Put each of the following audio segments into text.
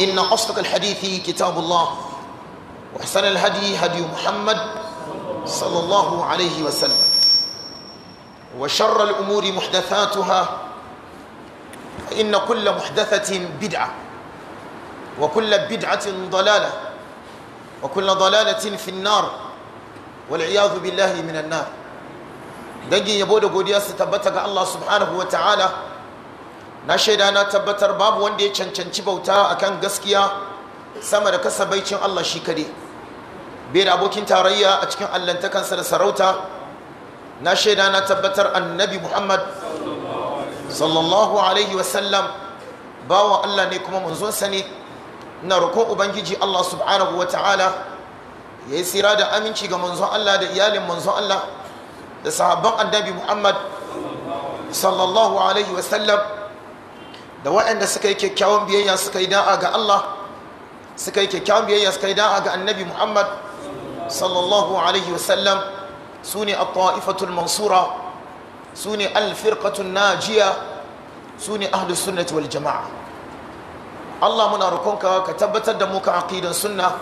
إن أصدق الحديث كتاب الله وأحسن الهدي هدي محمد صلى الله عليه وسلم وشر الأمور محدثاتها فإن كل محدثة بدعة وكل بدعة ضلالة وكل ضلالة في النار والعياذ بالله من النار دقي يبود قوديا ستبتك الله سبحانه وتعالى na shaida na tabbatar babu wanda ya cancanci bauta a kan gaskiya sama da kasabaicin Allah shi kade bai da abokin tarayya a cikin allantakansa da sarauta na shaida na tabbatar annabi Muhammad sallallahu alaihi wasallam bawan Allah ne kuma manzonsa ne na roƙon ubangiji Allah subhanahu wa ta'ala ya yi tsira da aminci ga manzon Allah da iyalin manzon Allah da sahabban annabi Muhammad sallallahu alaihi wasallam da waɗanda suka yi kyakkyawan biyayya suka yi da'a ga Allah suka yi kyakkyawan biyayya suka yi da'a ga annabi Muhammad sallallahu alaihi wasallam su ne a ta'ifatul mansura su ne alfirkatun najiya su ne ahlus sunnat wal jama'a Allah muna rukunka ka tabbatar da mu muka aqidan sunna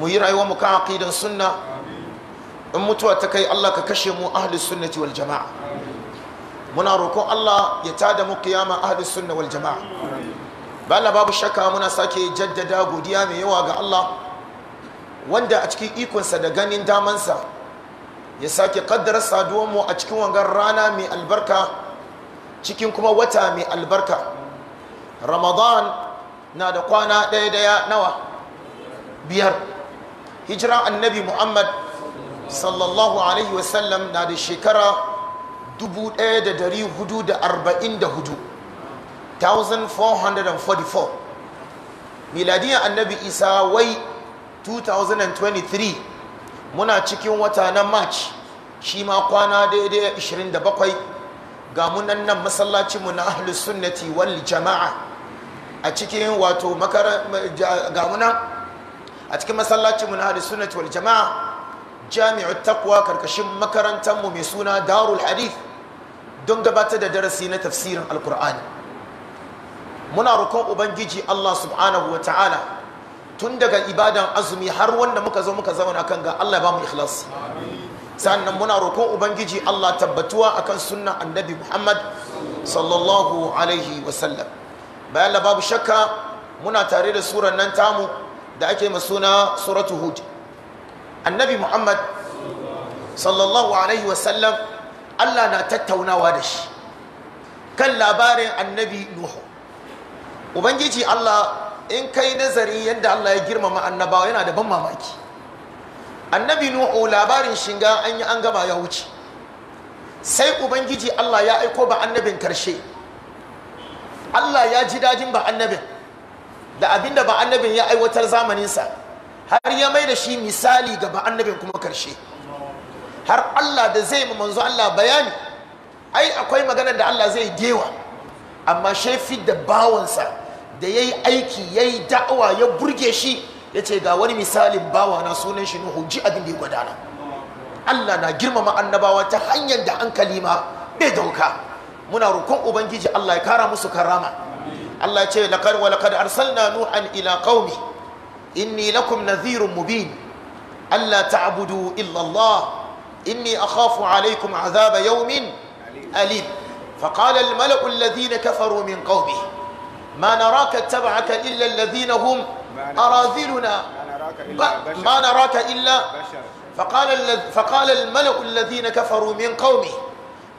mu yi rayuwa muka aqidan sunna in mutuwa ta kai Allah ka kashe mu ahlus sunnati wal jama'a muna roƙon Allah ya tada mu kiyama ahlus sunna wal jama'a bala babu shakka muna sake jaddada godiya mai yawa ga Allah wanda a cikin ikonsa da ganin daman sa ya sake kaddara saduwar mu a cikin wangar rana mai albarka cikin kuma wata mai albarka ramadan na da kwana ɗaya daya nawa biyar hijira annabi muhammad sallallahu alaihi wasallam na da shekara 1444 1444 miladiyar annabi isa wai 2023 muna cikin wata na march shi ma kwana daidai 27 ga munan nan masallacinmu na ahlus sunnati wal jama'a a cikin wato ga munan a cikin masallacinmu na ahlus sunnati wal jama'a jami'ut takwa karkashin makarantarmu mai suna darul hadith don gabatar da darasi na tafsirin alkur'ani muna roƙon ubangiji allah subhanahu wa ta'ala tun daga ibadan azumi har wanda muka zo muka zauna kan ga allah ba mu ikhlas sannan muna roƙon ubangiji allah tabbatuwa akan sunna annabi muhammad sallallahu alaihi wasallam bayan la babu shakka muna tare da surar nan tamu da ake masuna suratu hud annabi muhammad sallallahu alaihi wasallam Allah na tattaunawa da shi kan labarin annabi Nuhu ubangiji Allah in kai nazari yadda Allah ya girmama annabawa yana da ban mamaki annabi Nuhu labarin shiga an yi an gama ya wuce sai ubangiji Allah ya aiko ba annabin karshe Allah ya ji dajin ba annabin da abinda ba annabin ya aiwatar zamaninsa har ya mai da shi misali ga ba annabin kuma karshe har Allah da zai ma manzo Allah bayani ai akwai maganar da Allah zai dewa amma shefi da bawansa da ya yi aiki ya yi da'awa ya burge shi ya ce ga wani misalin bawa na sunan shi nuhu ji abin da ya gwadana Allah na girmama annabawa ta hanyar da hankali ma bai dauka muna rukun ubangiji Allah ya kara musu karama Allah ya ce laqad wa laqad arsalna nuhan ila qaumi inni lakum nadhirun mubin Allah ta'budu illa Allah إني أخاف عليكم عذاب يوم أليم فقال الملأ الذين كفروا من قومه ما نراك اتبعك إلا الذين هم أراذلنا ما نراك إلا فقال فقال الملأ الذين كفروا من قومه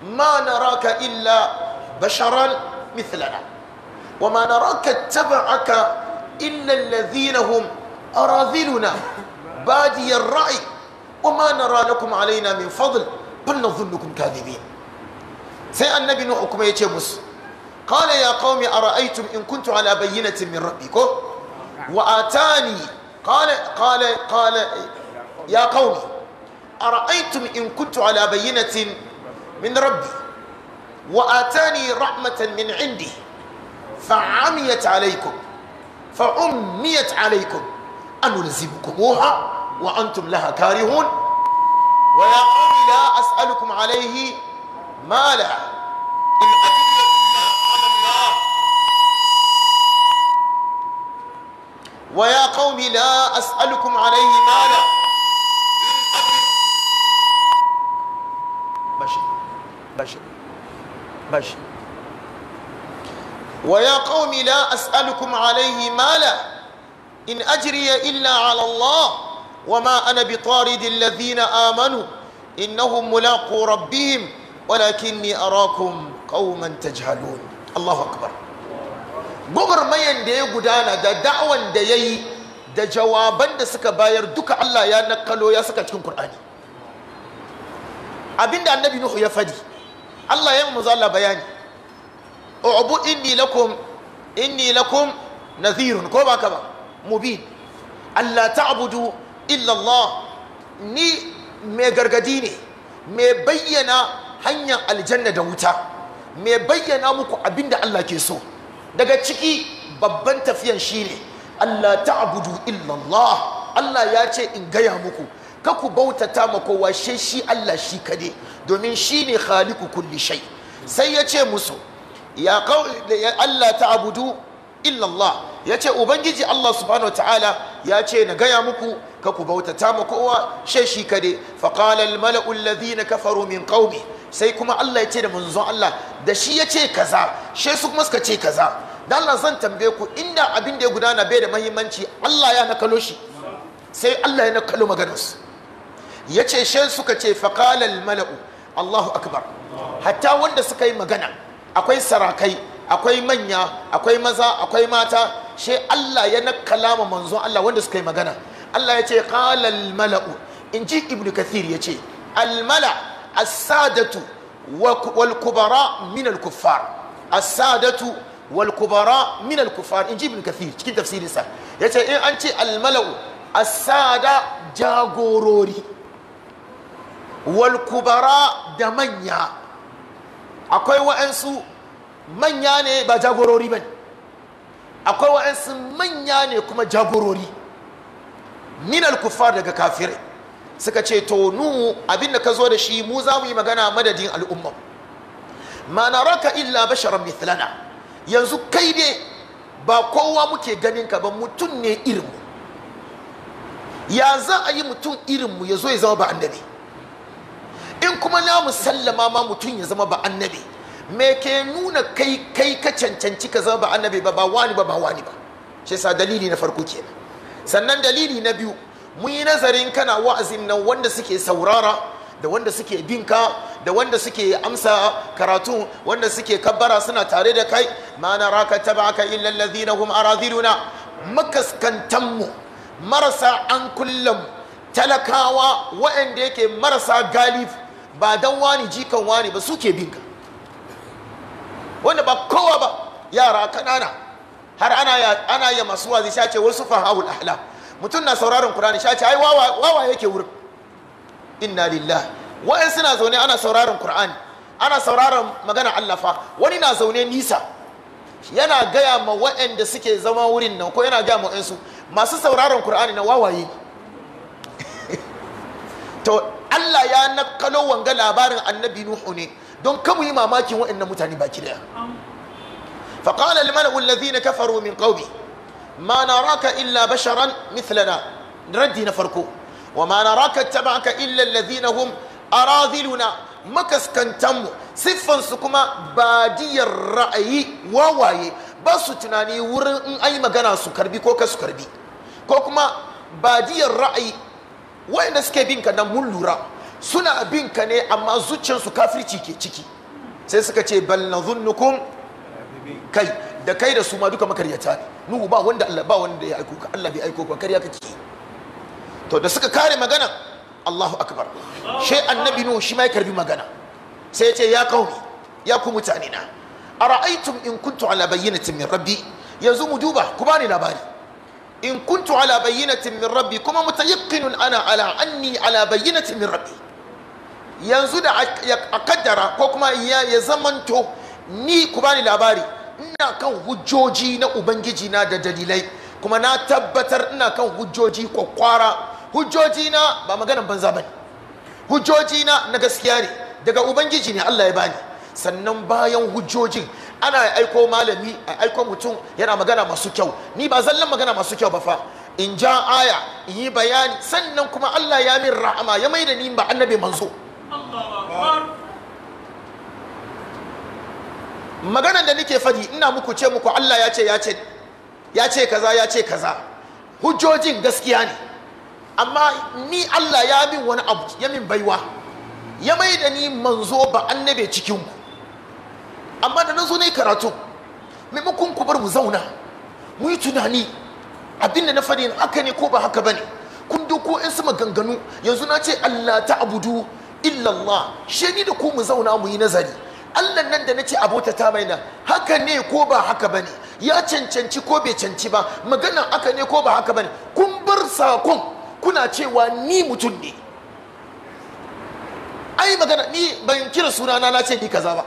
ما نراك إلا بشرا مثلنا وما نراك اتبعك إلا الذين هم أراذلنا بادي الرأي وما نرى لكم علينا من فضل بل نظنكم كاذبين سي النبي نوح كما يتي قال يا قوم أرأيتم إن كنت على بينة من ربكم وآتاني قال قال قال يا قوم أرأيتم إن كنت على بينة من ربي وآتاني رحمة من عندي فعميت عليكم فعميت عليكم أنلزمكموها وأنتم لها كارهون ويا قوم لا أسألكم عليه مالا إن أجل على الله ويا قوم لا أسألكم عليه مالا ماشي ماشي ويا قوم لا أسألكم عليه مالا إن أجري إلا على الله وما أنا بطارد الذين آمنوا إنهم ملاقو ربهم ولكني أراكم قوما تجهلون الله أكبر gwagwarmayan da ya gudana da da'awan da ya yi da jawaban da suka bayar duka Allah ya nakalo ya saka cikin Kur'ani abinda annabi Nuhu ya fadi Allah ya manzo Allah bayani ubu inni lakum inni lakum nadhirun ko ba ka ba mubin Allah ta'budu illallah ni mai gargadi ne mai bayyana hanyar aljanna da wuta mai bayyana muku abin da Allah ke so daga ciki babban tafiyan shi ne Allah abudu illallah Allah ya ce in gaya muku kaku bautata ma kowa shi shi Allah shi kade domin shi ne khaliku kulli shai sai ya ce musu ya Allah ta'budu illallah ya ce ubangiji Allah subhanahu wa ta'ala ya ce na gaya muku ka ku bautata ma kowa shai shi kade fa qala al mala'u ka kafaru min qaumi sai kuma Allah ya ce da manzon Allah da shi ya ce kaza she su kuma suka ce kaza Da Allah zan tambaye ku inda abin da ya gudana bai da mahimmanci. Allah ya nakalo shi sai Allah ya nakalo maganarsu ya ce shai suka ce fa mala'u Allahu akbar hatta wanda suka yi magana akwai sarakai akwai manya akwai maza akwai mata Sai Allah ya nakala ma manzon Allah wanda suka yi magana Allah ya ce qalal mala'u in ji ibn kathir ya ce al mala as-sadatu wal kubara kuffar as-sadatu wal kuffar in ji ibn kathir cikin tafsirinsa ya ce in an ce al mala'u sada jagorori walkubara da manya akwai wa'ansu manya ne ba jagorori ba akwai wa'ansu manya ne kuma jagorori minal kufar daga kafirai suka ce to nu abinda ka zo da shi mu za mu yi magana madadin al'umma ma raka illa basharan mithlana yanzu kai ne ba kowa muke ganin ka ba mutum ne irinmu ya za a yi mutum irinmu ya zo ya zama ba annabi in kuma na musallama ma mutum ya zama ba annabi me ke nuna kai kai ka cancanci ka zama ba annabi ba ba wani ba ba wani ba shi sa dalili na farko kenan sannan dalili na biyu mun yi nazarin kana wa'azin nan wanda suke saurara da wanda suke binka da wanda suke amsa karatu wanda suke kabbara suna tare da kai ma na raka tabaka illa alladhina hum aradhiluna makaskantan mu marasa an kullum talakawa waɗanda yake marasa galif ba dan wani jikan wani ba suke binka wanda ba kowa ba yara kanana har ana ya ana ya masu wazi sha ce wasu fahawul ahla mutum na sauraron qur'ani sha ce ai wawa wawa yake wurin inna lillah wa'in suna zaune ana sauraron qur'ani ana sauraron magana Allah fa wani na zaune nisa yana gaya ma wa'anda suke zama wurin nan ko yana gaya ma wa'ansu masu sauraron qur'ani na wawaye to Allah ya nakalo wanga labarin annabi Nuhu ne don kamu yi mamakin wa'annan mutane baki daya فقال الملأ الذين كفروا من قومه ما na farko wa مثلنا ردي نفركو وما نراك اتبعك إلا الذين هم أراذلنا makaskantanmu siffansu kuma badiyar ra'ayi wawaye ba su tunani wurin in magana su karbi ko ka su karbi ko kuma badiyar ra'ayi wayanda suke bin ka nan mun lura suna bin ka ne amma zuciyarsu kafirci ke ciki sai suka ce bal nadhunnukum kai da kai da su ma duka makaryata ne nuhu ba wanda Allah ba wanda ya aiko ka Allah bai aiko ka karya kake to da suka kare magana Allahu akbar she annabi nuhu shi ma ya karbi magana sai ya ce ya kauni ya ku mutane na ara'aytum in kuntu ala bayyinatin min rabbi yanzu mu duba ku bani labari in kuntu ala bayyinatin min rabbi kuma mutayaqqinun ana ala anni ala bayyinatin min rabbi yanzu da a kaddara ko kuma ya zamanto ni ku bani labari ina kan hujjoji na ubangiji na da dalilai kuma na tabbatar ina kan hujjoji kwakwara hujjoji na ba maganan banza bane hujjoji na na gaskiya ne daga ubangiji ne Allah ya bani sannan bayan hujjojin ana aiko malami a aiko mutum yana magana masu kyau ni ba zallan magana masu kyau ba fa in ja aya in yi bayani sannan kuma Allah ya min rahama ya mai da ni ba annabi manzo maganan da nike fadi ina muku ce muku Allah ya ce ya ce ya ce kaza ya ce kaza hujjojin gaskiya ne amma ni Allah ya min wani abu ya min baiwa ya mai da ni manzo ba annabe cikin ku amma da na zo ne karatu maimakon ku bar mu zauna mu yi tunani abin da na fadi haka ne ko ba haka bane kun doko in su maganganu yanzu na ce Allah ta abudu illallah shi ni da ku mu zauna mu yi nazari Allah nan da nace abota ta maina haka ne ko ba haka bane ya cancanci ko bai canci ba maganan haka ne ko ba haka bane kun bar sakon kuna cewa ni mutum ne ai magana ni ban kira sunana na ce ni kaza ba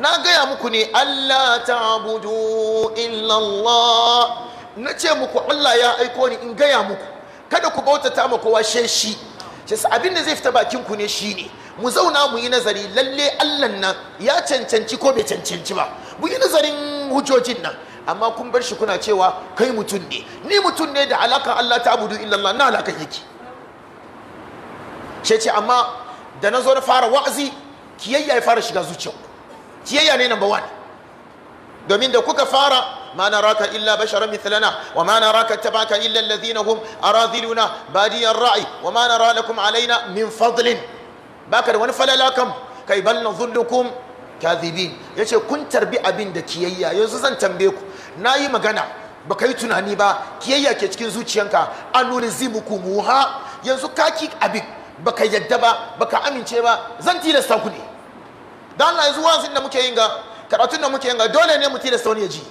na gaya muku ne Allah ta'budu illa Allah na ce muku Allah ya aiko ni in gaya muku kada ku bautata ma kowa shi shi abin da zai fita bakin ku ne shine mu zauna mu yi nazari lalle Allah nan ya cancanci ko bai cancanci ba mu yi nazarin hujojin nan amma kun bar shi kuna cewa kai mutum ne ni mutum ne da alaka Allah ta abudu illallah na alaka yake shi ce amma da na zo na fara wa'azi kiyayya ya fara shiga zuciyarku kiyayya ne number one domin da kuka fara ما نراك إلا بشرا مثلنا وما نراك اتبعك إلا الذين هم أراذلنا بادي الرأي kuma alaina لكم علينا من da wani falala kan kai بل نظنكم كاذبين يشي كن تربي أبين دكيية يزوزن تنبيكو ناي مغانا Na yi magana tunani ba kiyayya ke cikin zuciyanka an nulzimukum muha yanzu kaki abin baka yadda ba baka amince ba zan tilasta ku ne dan Allah yanzu wazin da muke yin karatun da muke yin ga dole ne mu tilasta wani ya ji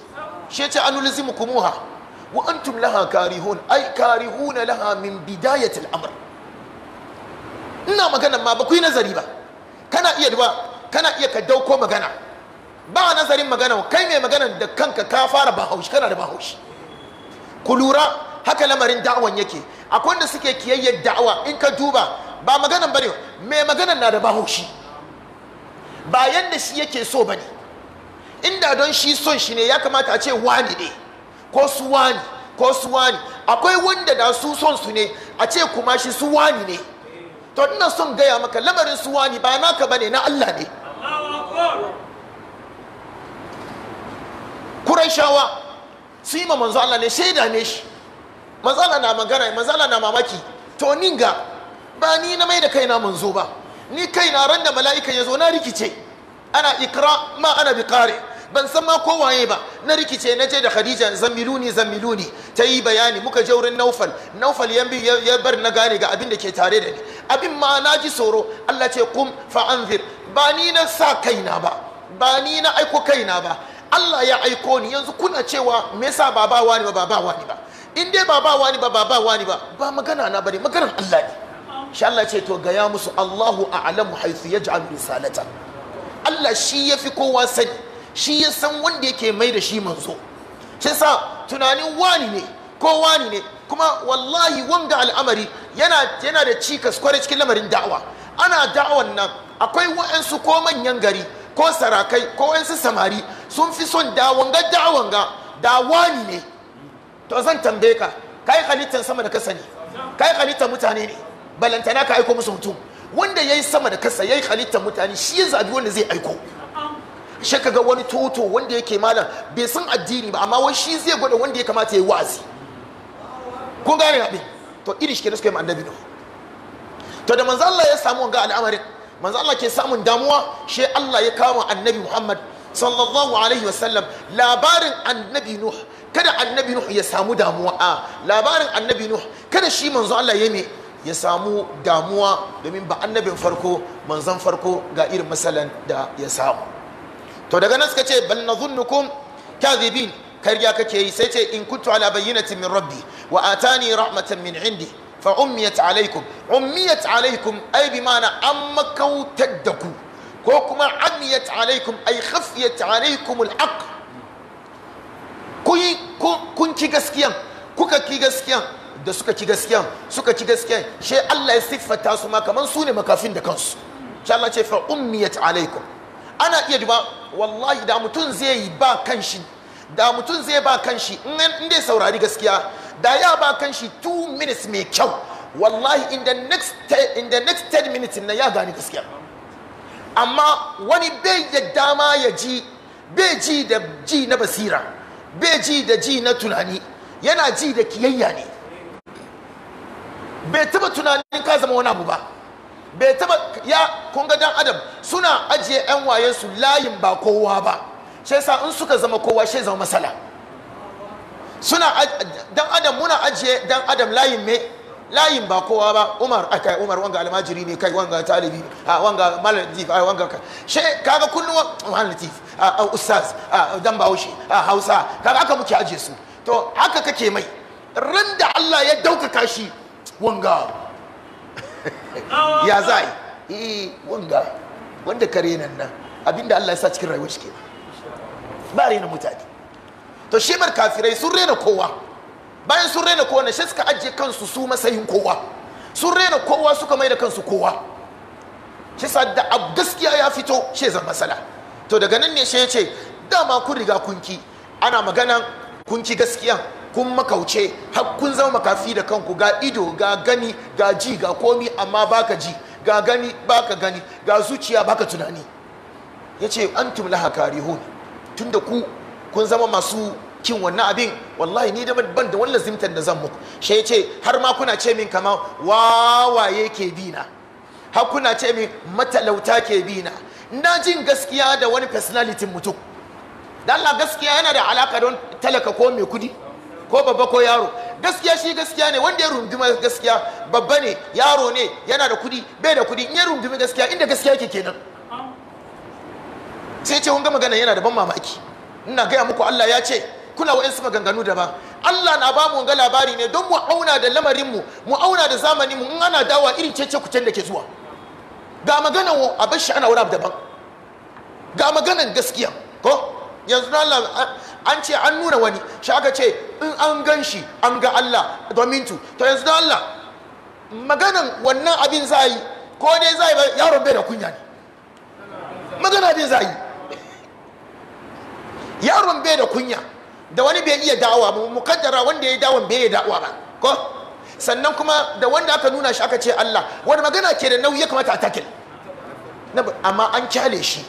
shi yace an nulzimukumuha wa antum laha karihun ai karihuna laha min bidayatil amr ina magana ma ba ku yi nazari ba kana iya ba kana iya ka dauko magana ba nazarin magana kai mai magana da kanka ka fara bahaushi kana da bahaushi ku lura haka lamarin da'awan yake akwai wanda suke kiyayyar da'awa in ka duba ba maganan bane mai maganan na da bahaushi ba yanda shi yake so bane inda don shi son shi ne ya kamata a ce wani ne ko su wani ko su wani akwai wanda da su son su ne a ce kuma shi su wani ne to ina son gaya maka lamarin su wani ba naka bane na Allah ne shawa, su yi ma manzo ne shaida ne shi manzo na magana manzo Allah na mamaki to ninga ba ni na mai da kaina manzo ba ni kaina ran da mala'ika ya zo na rikice ana ikra ma ana bi ban san ma ko ba na rikice na je da Khadija zammiluni zammiluni ta yi bayani muka je wurin Naufal Naufal ya bar na gane ga abin da ke tare da ni abin ma na ji soro Allah ce kum fa anzir ba ni na sa kaina ba ba ni na aiko kaina ba Allah ya aiko ni yanzu kuna cewa me yasa ba ba wani ba ba wani ba in dai ba ba wani ba ba ba wani ba ba magana na bane maganar Allah ne Sh'a Allah ce to gaya musu Allahu a'lamu haythu yaj'al risalata Allah shi ya fi kowa sani shi ya san wanda yake mai da shi manzo shi sa tunanin wani ne ko wani ne kuma wallahi wanga al'amari yana yana da cikas kwarai cikin lamarin da'awa ana da'awan nan akwai wa'ansu ko manyan gari ko sarakai ko wa'ansu samari sun fi son da'awan da'awanga da wani ne to zan tambaye ka kai halittar sama da ka sani kai halittar mutane ne balantana ka aiko musu mutum wanda ya yi sama da kasa ya yi halittar mutane shi ya zabi wanda zai aiko shi kaga wani toto wanda yake malam bai san addini ba amma wai shi zai gwada wanda ya kamata ya yi wa'azi kun gane abin to iri shi kenan suka yi annabi no to da manzo Allah ya samu wanga al'amarin manzo Allah ke samun damuwa shi Allah ya kama annabi Muhammad sallallahu alaihi wasallam labarin annabi Nuh kada annabi Nuh ya samu damuwa a ah, labarin annabi Nuh kada shi manzo Allah ya yi ya samu damuwa domin ba annabin farko manzan farko ga irin matsalan da ya samu to daga nan suka ce bal nadhunnukum kadhibin karya kake yi sai ce in kuntu ala bayyinati min rabbi wa atani rahmatan min indi fa ummiyat alaikum ummiyat alaikum ai bi ma'ana an makautar da ku ko kuma amiyat alaikum ai khafiyat alaikum al'aq kun ki gaskiyan kuka ki gaskiyan da suka ci gaskiya suka ci gaskiya she Allah ya siffata su ma kaman su ne makafin da kansu sha Allah ce fa ummiyat alaikum ana iya duba wallahi da mutum zai yi ba kanshi da mutum zai ba kanshi in dai saurari gaskiya da ya ba kanshi 2 minutes mai kyau wallahi in the next in the next 10 minutes na ya gani gaskiya amma wani bai da dama ya ji bai ji da ji na basira bai ji da ji na tunani yana ji da kiyayya ne bai taba tunanin ka zama wani abu ba bai taba ya kun ga dan adam suna ajiye yan wayen su layin ba kowa ba shi yasa in suka zama kowa shi zama masala suna dan adam muna ajiye dan adam layin me layin ba kowa ba umar akai umar wanga almajiri ne kai wanga talibi a wanga malatif a wanga kai she kaga kullum malatif a ustaz a dan bahaushe a hausa kaga aka muke ajiye su to haka kake mai ran da Allah ya daukaka shi wanga ya zai eh wanga wanda kare nan nan abinda Allah ya sa cikin rayuwar shi kenan ba rena mutane to mar kafirai sun rena kowa bayan sun rena kowa na shi suka ajiye kansu su masayin kowa sun rena kowa suka mai da kansu kowa shi sa da gaskiya ya fito shi zan masala to daga nan ne shi ya ce dama kun riga kunki ana magana kunki gaskiya kun makauce har kun zama makafi da kanku ga ido ga gani ga ji ga komi amma baka ji ga gani baka gani ga zuciya baka tunani yace antum laha karihun tunda ku kun zama masu kin wannan abin wallahi ni da ban da wannan zimtan da zan muku shi yace har ma kuna ce min kama wawaye ke bina har kuna ce min matalauta ke bina na jin gaskiya da wani personality mutum Da Allah gaskiya yana da alaka don talaka ko mai kudi ko babba ko yaro gaskiya shi gaskiya ne wanda ya runduma gaskiya babba ne yaro ne yana da kudi bai da kudi in ya rundumi gaskiya inda gaskiya yake kenan sai ce wanga magana yana da ban mamaki ina gaya muku Allah ya ce kuna wa'insu maganganu da ba Allah na ba mu ga labari ne don mu auna da lamarinmu mu auna da zamaninmu in ana dawa irin cece kucen da ke zuwa ga maganan a bar ana wani daban ga maganan gaskiya ko yanzu na Allah an ce an nuna wani shi aka ce in an gan shi an ga Allah domin tu to yanzu na Allah maganan wannan abin za yi ko dai za yi yaron bai da kunya ne magana abin za yi yaron bai da kunya da wani bai iya da'awa ba mukaddara wanda ya yi dawon bai iya da'awa ba ko sannan kuma da wanda aka nuna shi aka ce Allah wani magana ke da nauyi ya kamata a takil amma an kyale shi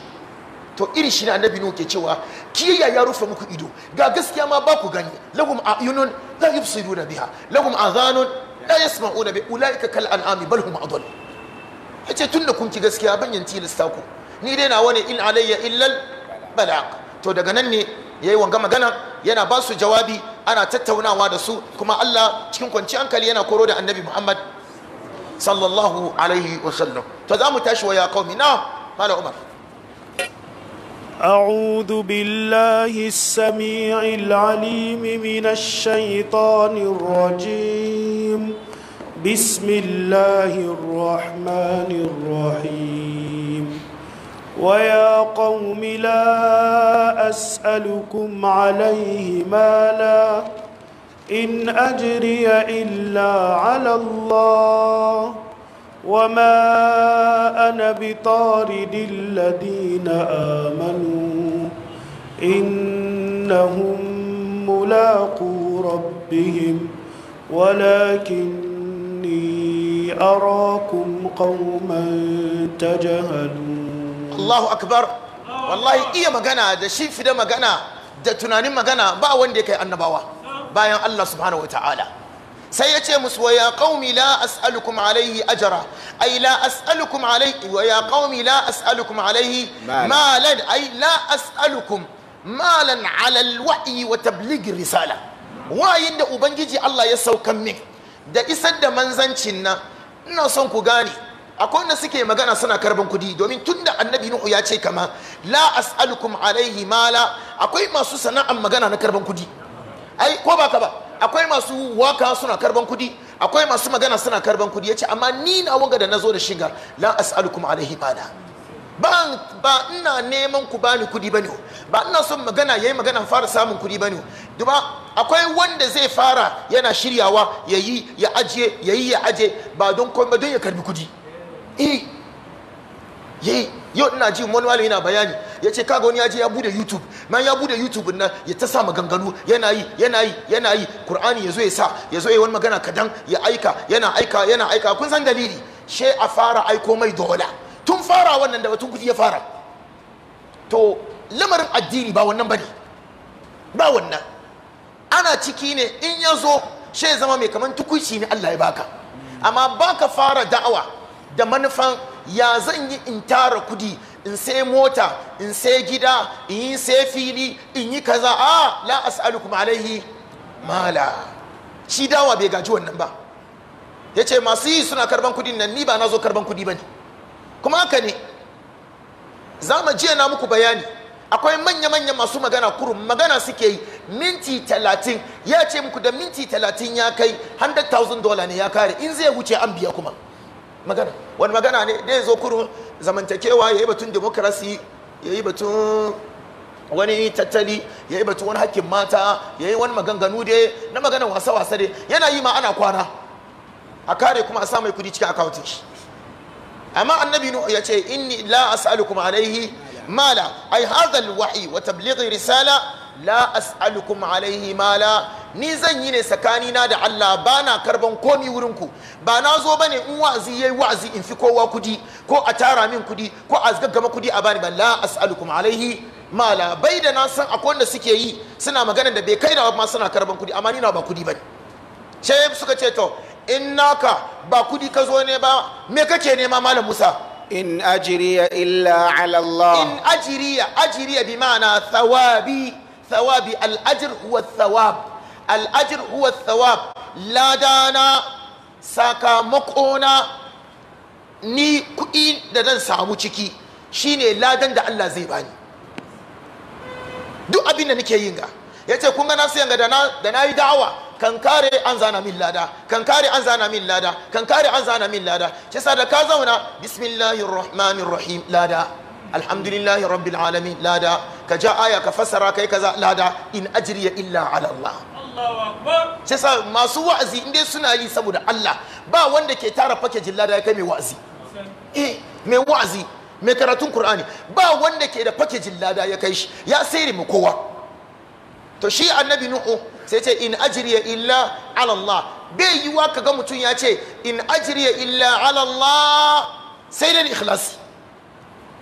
to iri shi ne annabi nuhu ke cewa kiyayya ya rufe muku ido ga gaskiya ma ba ku gani lahum ayunun la yubsiruna biha lahum adhanun la yasma'una bi ulaika kal an'ami bal hum adall yace tunda kun ki gaskiya ban yin tilasta ku ni dai nawa ne in alayya illal balaq to daga nan ne yayi wanga magana yana ba su jawabi ana tattaunawa da su kuma Allah cikin kwanci hankali yana koro da annabi Muhammad sallallahu alaihi wasallam to za mu tashi wa ya qaumi na mala umar أعوذ بالله السميع العليم من الشيطان الرجيم بسم الله الرحمن الرحيم ويا قوم لا أسألكم عليه مالا إن أجري إلا على الله وما أنا بطارد الذين آمنوا إنهم ملاقو ربهم ولكني أراكم قوما تجهلون الله أكبر والله إيه مغانا ده شيف ده مغانا ده تنانين مغانا با وين دي كي أنباوا باين الله سبحانه وتعالى sai ya ce musu wa ya la as'alukum alaihi ai la as'alukum alaihi la as'alukum alaihi malan ai la as'alukum malan wa risala wayin da ubangiji Allah ya saukan min da isar da manzancin na ina son ku gane akwai wanda suke magana suna karban kudi domin tunda annabi nuhu ya ce kama la as'alukum alaihi mala akwai masu sana'an magana na karban kudi ai ko ba akwai masu waka suna karban kudi akwai masu magana suna karban kudi ce amma ni na wanga da zo da shiga la as'alukum alaihi bada ba ba ina neman ku bani kudi bane ba ina son magana ya yi magana fara samun kudi bane duba akwai wanda zai fara yana shiryawa yayi ya aje yayi ya ajiye ba don komai don ya karbi kudi eh yayi yau ina ji wani malami yana bayani ya ce kaga wani ya je ya bude youtube man ya bude youtube na ya ta sa maganganu yana yi yana yi yana yi qur'ani ya zo ya sa ya zo ya wani magana kadan ya aika yana aika yana aika kun san dalili she a fara aiko mai dola tun fara wannan da batun kudi ya fara to lamarin addini ba wannan bane ba wannan ana ciki ne in ya zo she zama mai kaman tukuci ne Allah ya baka amma baka fara da'awa da manufan ya zan yi in tara kudi in sai mota in sai gida in yi sai fili in yi kaza a la as'alukum alaihi mala shi dawa bai gaji wannan ba ya ce masu yi suna karban kudi nan ni ba na zo karban kudi ba ne kuma haka ne za mu jiya na muku bayani akwai manya-manya masu magana kurum magana suke yi minti talatin ya ce muku da minti talatin ya kai 100,000 dola ne ya kare in zai wuce an biya kuma magana wani magana ne da ya zo kurun zamantakewa ya yi batun demokrasi ya yi batun wani tattali ya yi batun wani hakkin mata ya yi wani maganganu dai na magana wasa-wasa dai yana yi ma ana kwana a kare kuma a sa mai kudi cikin akawutin shi amma annabi nuhu ya ce inni la as'alukum alaihi mala ai hazal wa'i wa tablighi risala la as'alukum alaihi mala ni zan yi ne na da Allah ba na karban komi ku ba na zo bane in wa'azi yayi wa'azi in fi kowa kudi ko a tara min kudi ko a gaggama kudi a bani ba la as'alukum alaihi mala bai da na san akwai wanda suke yi suna magana da bai kai da ma suna karban kudi amma ni na ba kudi bane ce suka ce to in naka ba kudi ka zo ne ba me kake nema malam Musa in ajriya illa ala Allah in ajriya ajriya bi ma'ana thawabi thawabi al'ajir huwa thawab al'ajir huwa thawab ladana sakamakona ni kuɗi da zan samu ciki shine ladan da Allah zai bani duk abin da nake yin ga ya ce kun ga na sayan ga da na yi da'awa kan kare an zana min lada kan kare an zana min lada kan kare an zana min lada shi sa da ka zauna bismillahir rahim lada alhamdulillahi rabbil alamin lada ka ja aya ka fassara kai kaza lada in ajriya illa ala Allah shi sa masu wa'azi in dai suna yi saboda Allah ba wanda ke tara fakejin lada ya kai mai wa'azi eh mai wa'azi mai karatun Qur'ani ba wanda ke da fakejin lada ya kai shi ya sayar mu kowa to shi annabi nuhu sai ce in ajriya illa ala Allah bai yiwa kaga mutum ya ce in ajriya illa ala Allah sai da ikhlasi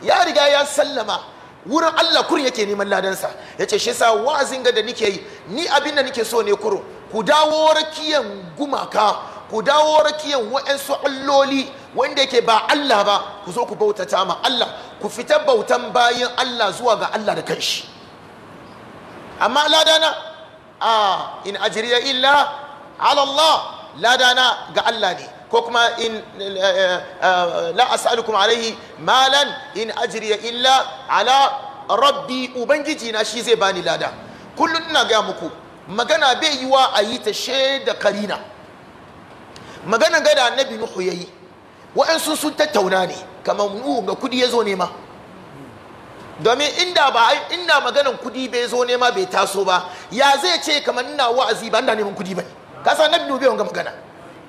ya riga ya sallama wurin Allah kur yake neman ladansa ya ce shi sa wa'azin ga da nike yi ni abin da nike so ne kuro. ku dawo rakiyan gumaka ku dawo rakiyan wa'ansu alloli wanda yake ba Allah ba ku zo ku bautata ma Allah ku fita bautan bayan Allah zuwa ga Allah da kanshi amma ladana a in ajriya illa ala Allah ladana ga Allah ne ko kuma in eh, eh, la alaihi malan in ajriya illa ala rabbi ubangiji na shi zai bani lada Kullum ina gaya muku magana bai yi wa a yi ta shaida karina magana gada annabi nuhu yayi wa'ansu sun tattauna ne kamar nuhu ga kudi ya zo nema domin inda ba inda maganan kudi bai zo nema bai taso ba ya zai ce kamar ina wa'azi ba ina neman kudi ba ka san annabi nuhu bai wanga magana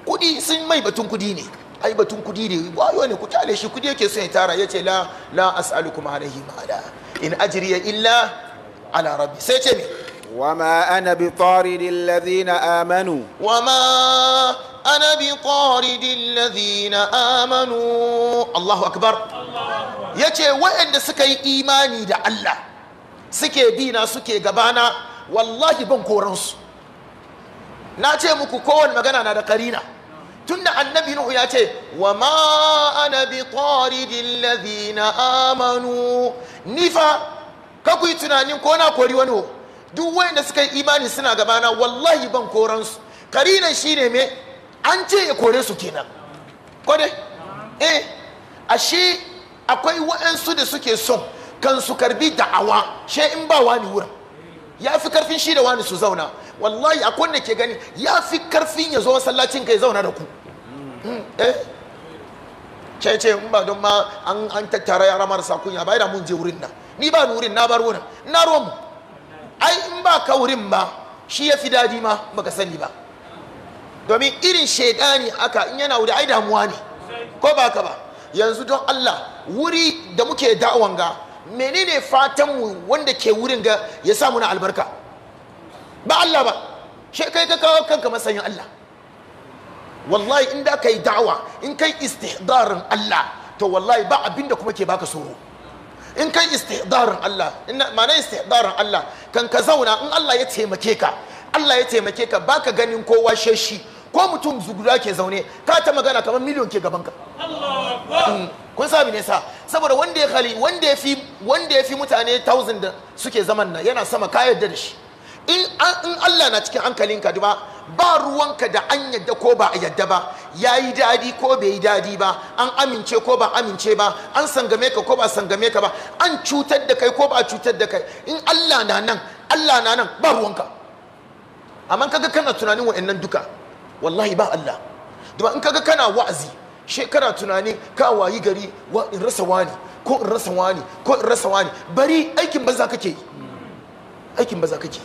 kudi sun mai batun kudi ne ai batun kudi ne wayo ne ku kyale shi kudi yake son ya tara yace la la as'alukum alaihi ma'ala in ajriya illa ala rabbi sai ce me وما أنا بطارد الذين آمنوا وما أنا بطارد الذين آمنوا الله أكبر يجي وين سكي إيماني دا الله سكي بينا سكي غبانا والله ce ناتي مكو كون مغانا نادا قرينا Tun da annabi nuhu ya ce wa ma ana bi taridil ladina amanu nifa ka ku yi tunanin ko na kori wani duk wanda suka yi imani suna gabana wallahi ban koran su karinan shine me an ce ya kore su kenan ko dai eh ashe akwai waɗansu da suke son kan su karbi da'awa she in ba wani wurin ya fi karfin shi da wani su zauna wallahi akwai da ke gani ya fi karfin ya zo masallacin kai zauna da ku cece eh? ce ce in ba don ma an tattara yara marasa kunya ba da mun je wurin nan ni ba ni wurin na bar wurin na ruwan mu ai in ba ka wurin ba shi ya fi daji ma baka sani ba domin irin shaidani aka in yana wuri ai damuwa ne ko ba ka ba yanzu don Allah wuri da muke da'awan ga menene fatan mu wanda ke wurin ga ya sa muna albarka ba Allah ba shi kai ka kawo kanka masanin Allah wallahi in da ka yi da'awa in kai istihdarin Allah to wallahi ba abinda kuma ke baka tsoro in kai istihdarin Allah inna ma'ana istihdarin Allah kan ka zauna in Allah ya taimake ka Allah ya taimake ka baka ganin kowa sheshi ko mutum zugura ke zaune ka ta magana kamar miliyon ke gaban ka mm, kun sami nesa saboda wanda ya fi wanda ya fi mutane 1000 da suke zaman nan yana sama ka yarda da shi in Allah na cikin hankalinka duba ba ruwanka da an yadda ko ba a yadda ba ya yi daɗi ko bai yi daɗi ba an amince ko ba amince ba an sangame ka ko ba sangame ka ba an cutar da kai ko ba cutar da kai in Allah na nan Allah na nan ba ruwanka amma in kaga kana tunanin wa'annan duka wallahi ba Allah duba in kaga kana wa'azi shekara tunani ka wayi gari wa in rasa wani ko in rasa wani ko in rasa wani bari aikin ba banza kake aikin ba banza kake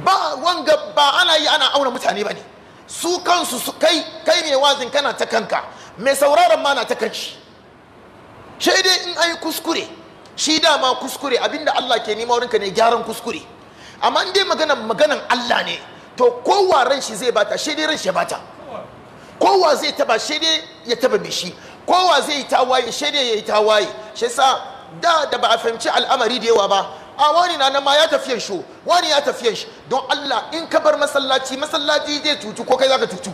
ba wanga ba ana yi ana auna mutane ba ne su kansu su kai kai ne wazin kana ta kanka mai sauraron ma na ta kanshi shi dai in ai kuskure shi dama kuskure abinda Allah ke nema wurinka ne gyaran kuskure amma in dai maganan maganan Allah ne to kowa ran shi zai bata shi dai ran shi bata kowa zai taba shi dai ya taba shi kowa zai yi tawaye shi dai ya yi tawaye shi sa da da ba a fahimci al'amari da yawa ba a wani na nan ma ya tafiyan shi wani ya tafiyan shi don Allah in ka bar masallaci masallaci zai tutu ko kai zaka tutu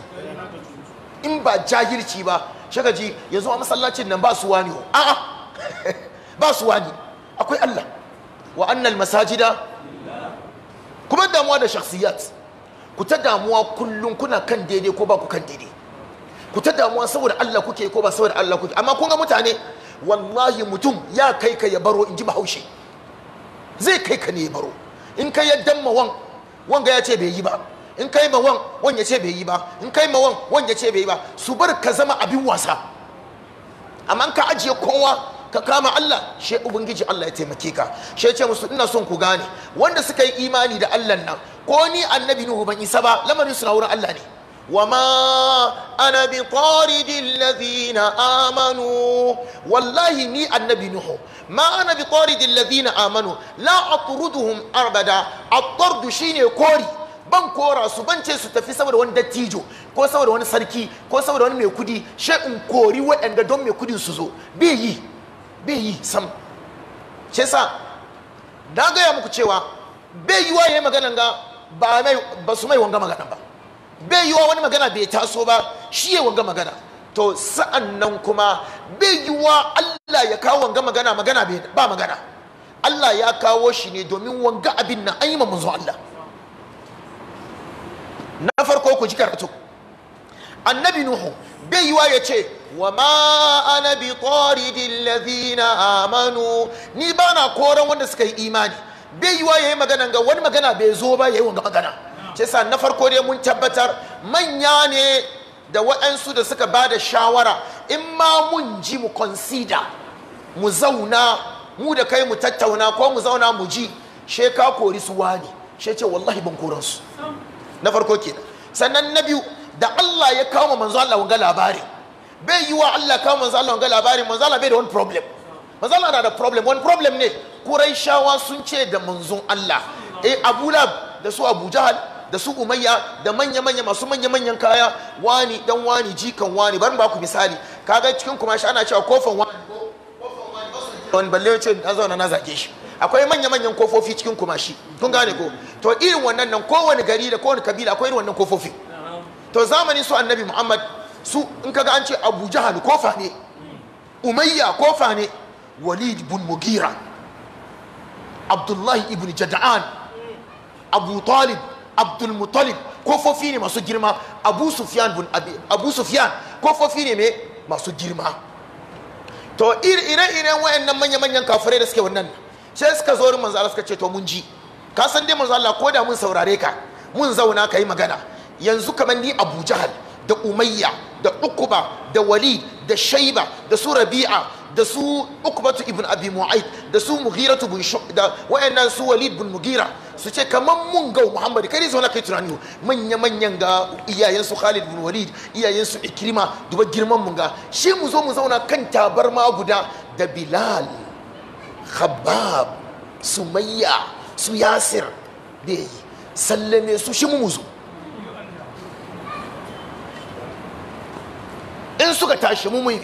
in ba jahilci ba shaka ji yanzu a masallacin nan ba su wani ho a ba su wani akwai Allah wa annal masajida kuma damuwa da shakhsiyat ku ta damuwa kullun kuna kan daidai ko ba ku kan daidai ku ta damuwa saboda Allah kuke ko ba saboda Allah kuke amma kun ga mutane wallahi mutum ya kai ka ya baro in ji bahaushe zai kai ka ne baro in ka yaddan ma wan wanga ya ce bai yi ba in kai ma wan wan ya ce bai yi ba in kai ma wan wan ya ce bai yi ba su bar ka zama abin wasa amma ka ajiye kowa ka kama Allah she ubangiji Allah ya taimake ka she ce musu ina son ku gane wanda suka yi imani da Allah nan ko ni annabi Nuhu ban isa ba lamarin su na wurin Allah ne وما أنا بطارد الذين آمنوا والله ني النبي نوح ما أنا بطارد الذين آمنوا لا أطردهم أبدا الطرد شيني كوري ban kora su ban ce su tafi saboda wani dattijo ko saboda wani sarki ko saboda wani mai kudi she in kori waɗanda don mai kudin su zo bai yi bai yi sam ce sa na gaya muku cewa bai yi waye maganan ga ba su mai wanga maganan ba bai yiwa wani magana bai taso ba shi ya wanga magana to sa'an nan kuma bai yiwa Allah ya kawo wanga magana magana ba magana Allah ya kawo shi ne domin wanga abin nan an yi manzo Allah na farko ku ji karatu annabi nuhu bai yiwa ya ce wa ma ana bi taridil ladina amanu ni bana koran wanda suka yi imani bai yiwa yayi magana ga wani magana bai zo ba yayi wanga magana ce sa na farko dai mun tabbatar manya ne da waɗansu da suka ba da shawara in ma mun ji mu consider mu zauna mu da kai mu tattauna ko mu zauna mu ji she ka kori su wani she ce wallahi ban koran su na farko ke sannan na biyu da Allah ya kawo manzo Allah wanga labari bai yi wa Allah kawo manzo Allah wanga labari manzo Allah bai da wani problem manzo Allah na da problem wani problem ne kurai shawa sun ce da manzon Allah eh Abu Lab da su Abu Jahal da su umayya da manya-manya masu manya-manyan kaya wani dan wani jikan wani bari ba ku misali kaga cikin kuma shi ana cewa kofan wani wani balle ce na zauna na zage shi akwai manya-manyan kofofi cikin kumashi kun gane ko to irin wannan nan kowane gari da kowane kabila akwai irin wannan kofofi to zamanin su annabi muhammad su in kaga an ce abu jahal kofa ne umayya kofa ne walid bin mugira abdullahi ibn jada'an abu talib abdul muttalib kofofi ne masu girma abu sufyan bin abu sufyan kofofi ne masu girma to ire-iren wayannan manya-manyan kafirai da suke wannan sai suka zo wurin manzo suka ce to mun ji ka san dai manzo Allah ko da mun saurare ka mun zauna ka yi magana yanzu kamar ni Abu Jahal da umayya da ukuba da walid da shaiba da su rabi'a da su ukubatu ibn abi mu'aid da su mughiratu bin da wayannan su walid bin mugira su ce kaman mun ga muhammad kai zo na kai tunani manya manyan ga iyayen su khalid bin walid iyayen su ikrima duba girman mun ga shi mu zo mu zauna kan tabarma guda da bilal khabbab sumayya su yasir bai sallame su shi mu zo in suka tashi مو mai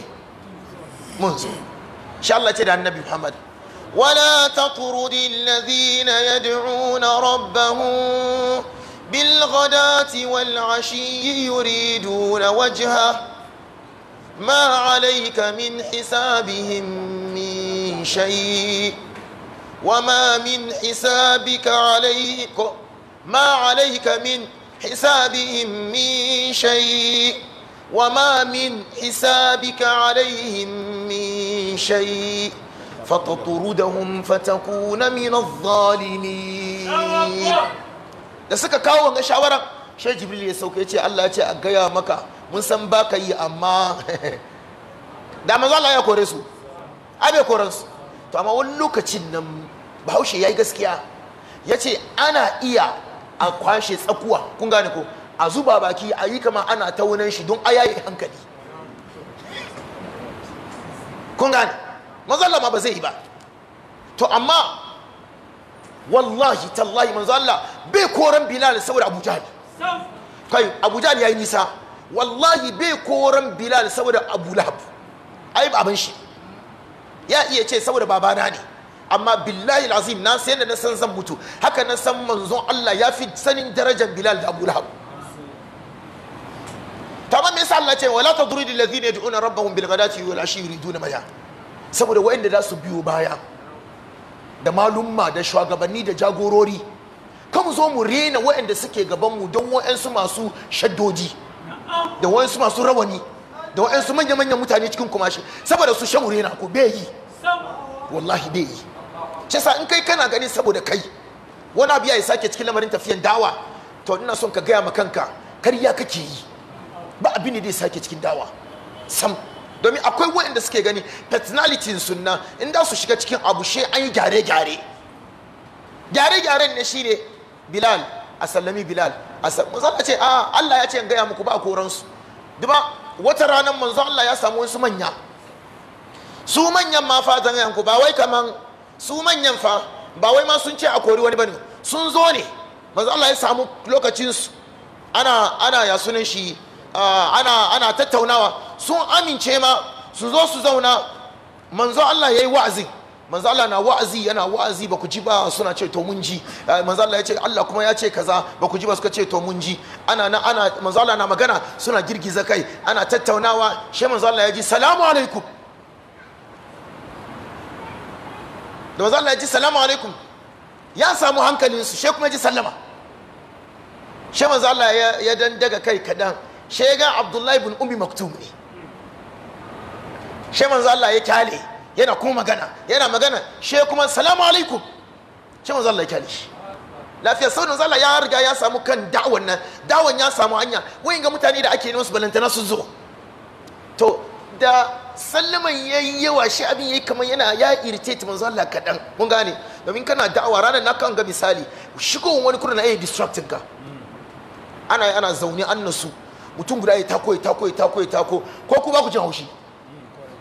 mun zo insha Allah ce النبي محمد ولا تطرد الذين يدعون ربهم بالغداة والعشي يريدون وجهه ما عليك من حسابهم من شيء وما من حسابك عليك ما عليك من حسابهم من شيء وما من حسابك عليهم من شيء فتطردهم فتكون من الظالمين da suka kawo wanga shawara? shi jibril ya sauke ya ce Allah ya ce a gaya maka mun san baka yi amma da manzo Allah ya kore su abe koren su to amma wani lokacin nan bahaushe yayi gaskiya yace ana iya a kwashe tsakuwa kun gane ko a zuba baki a yi kama ana taunan shi don ayaye hankali kun gane manzala ma ba zai yi ba to amma wallahi tallahi manzo Allah bai koran Bilal saboda Abu Jahl kai Abu ya yi nisa wallahi bai koran Bilal saboda Abu Lahab ai abin shi ya iya ce saboda babana ne amma billahi azim na sai da na san zan mutu haka na san manzon Allah ya fi sanin darajar Bilal da Abu Lahab to amma me yasa Allah ce wala tadrid alladhina yad'una rabbahum bil ghadati wal ashi yuriduna maja saboda wa'anda za su biyo baya da malumma da shugabanni da jagorori kan zo mu rena wa'anda suke gaban mu don wa'ansu masu shaddoji da wa'ansu masu rawani da wa'ansu manya-manyan mutane cikin kumashi saboda su shan rena ko bai yi wallahi bai yi shi in kai kana gani saboda kai wani abu ya sake cikin lamarin tafiyan dawa to ina son ka gaya ma kanka karya kake yi ba abin da zai sake cikin dawa sam domin akwai da suke gani personality sunna in da su shiga cikin abu she an yi gyare-gyare gyare-gyaren ne shi ne. bilal a sallami bilal a sallami ce a allah ya ce gaya muku ba koransu duba wata ranar manzo allah ya samu wasu manya su manyan ma fatan yanku ba wai kaman su manyan fa ba wai ma sun ce a kori wani bane sun zo ne manzo allah ya samu lokacinsu ana ana ya sunan shi Ah, ana ana tattaunawa sun amince ma su zo su zauna manzo Allah yayi wa'azi manzo Allah na wa'azi yana wa'azi ba ku ji ba suna ce to mun ji ah, manzo Allah ya ce Allah kuma ya ce kaza ba ku ji ba suka ce to mun ji ana na ana manzo Allah na magana suna girgiza kai ana tattaunawa shi manzo Allah ya ji salamu alaikum da manzo Allah ya ji salamu alaikum ya samu hankalin su she kuma ya ji sallama shi manzo Allah ya dan daga kai kadan shega abdullahi bin Umi maktum ne she manzo Allah ya kyale yana kuma magana yana magana she kuma salamu alaikum she manzo Allah ya kyale shi lafiya sau manzo Allah ya riga ya samu kan da'awar nan da'awar ya samu hanya wayin ga mutane da ake musu balantana su zo to da sallaman yayi yawa shi abin yayi kamar yana ya irritate manzo Allah kadan mun gane domin kana da'awa ranar na kan ga misali shigowar wani kurna yayi eh, distracting ka ana ana zaune an nasu mutum guda ya tako ya tako ya tako ya tako ko ku ba ku jin haushi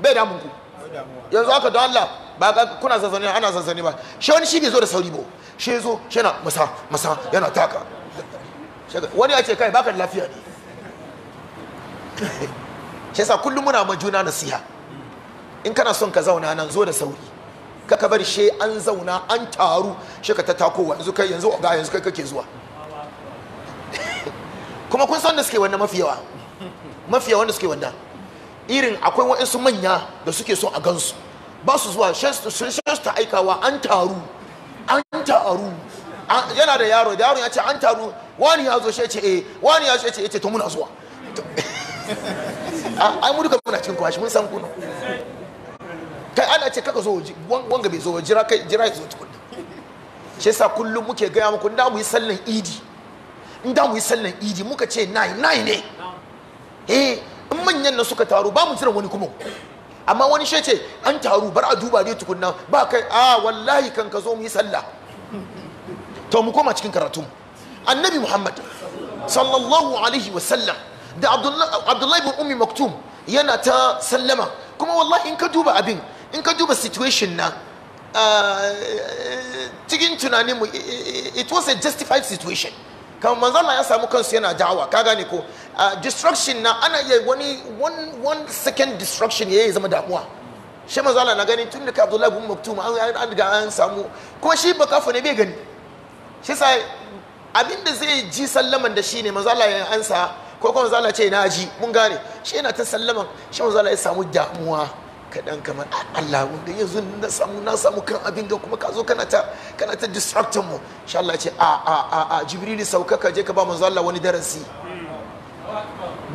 bai damun ku yanzu haka don Allah ba ga kuna zazzani ana zazzani ba shi wani shi bai zo da sauri ba shi zo shi yana masa masa yana taka wani ya ce kai baka da lafiya ne shi yasa kullum muna ma juna nasiha in kana son ka zauna nan zo da sauri kaka bar shi an zauna an taru shi ka ta takowa yanzu kai yanzu ga yanzu kai kake zuwa kuma kun san da suke wanda mafi yawa mafi yawa wanda suke wanda irin akwai waɗansu manya da suke so a gansu ba su zuwa shasta aikawa an taru an taru yana da yaro da yaro ya ce an taru wani ya zo shi ce eh wani ya zo ce eh to muna zuwa ai mu duka muna cikin kwashi mun san kuna kai ana ce kaka zo wanga bai zo jira kai jira ya zo tukunna shi yasa kullum muke gaya muku da mu yi sallan idi in mu yi sallan idi muka ce nine nine ne eh in manyan nan suka taru ba mu jira wani kuma amma wani shi ce an taru bar a duba dai tukunna ba kai a wallahi kan ka zo mu yi sallah to mu koma cikin karatu annabi muhammad sallallahu alaihi wa sallam da abdullahi ibn ummi maktum yana ta sallama kuma wallahi in ka duba abin in ka duba situation na ah, cikin tunanin mu it was a justified situation kamar manzo Allah ya samu kansu yana da'awa ka gane ko destruction na ana iya wani one second destruction yayi zama damuwa shi manzo Allah na gani tun da Abdullahi bin Maktum an riga an samu kuma shi ba kafa ne bai gani shi sai abinda zai ji sallaman da shi ne manzo Allah ya ansa ko kuma manzo Allah ce na ji mun gane shi yana ta sallaman shi manzo Allah ya samu damuwa kaɗan kamar ah, Allah wanda yanzu na samu na samu kan abin ga kuma ka zo kana ta kana ta distracting mu insha Allah ce a a a a sauka ka je ka ba manzo Allah wani darasi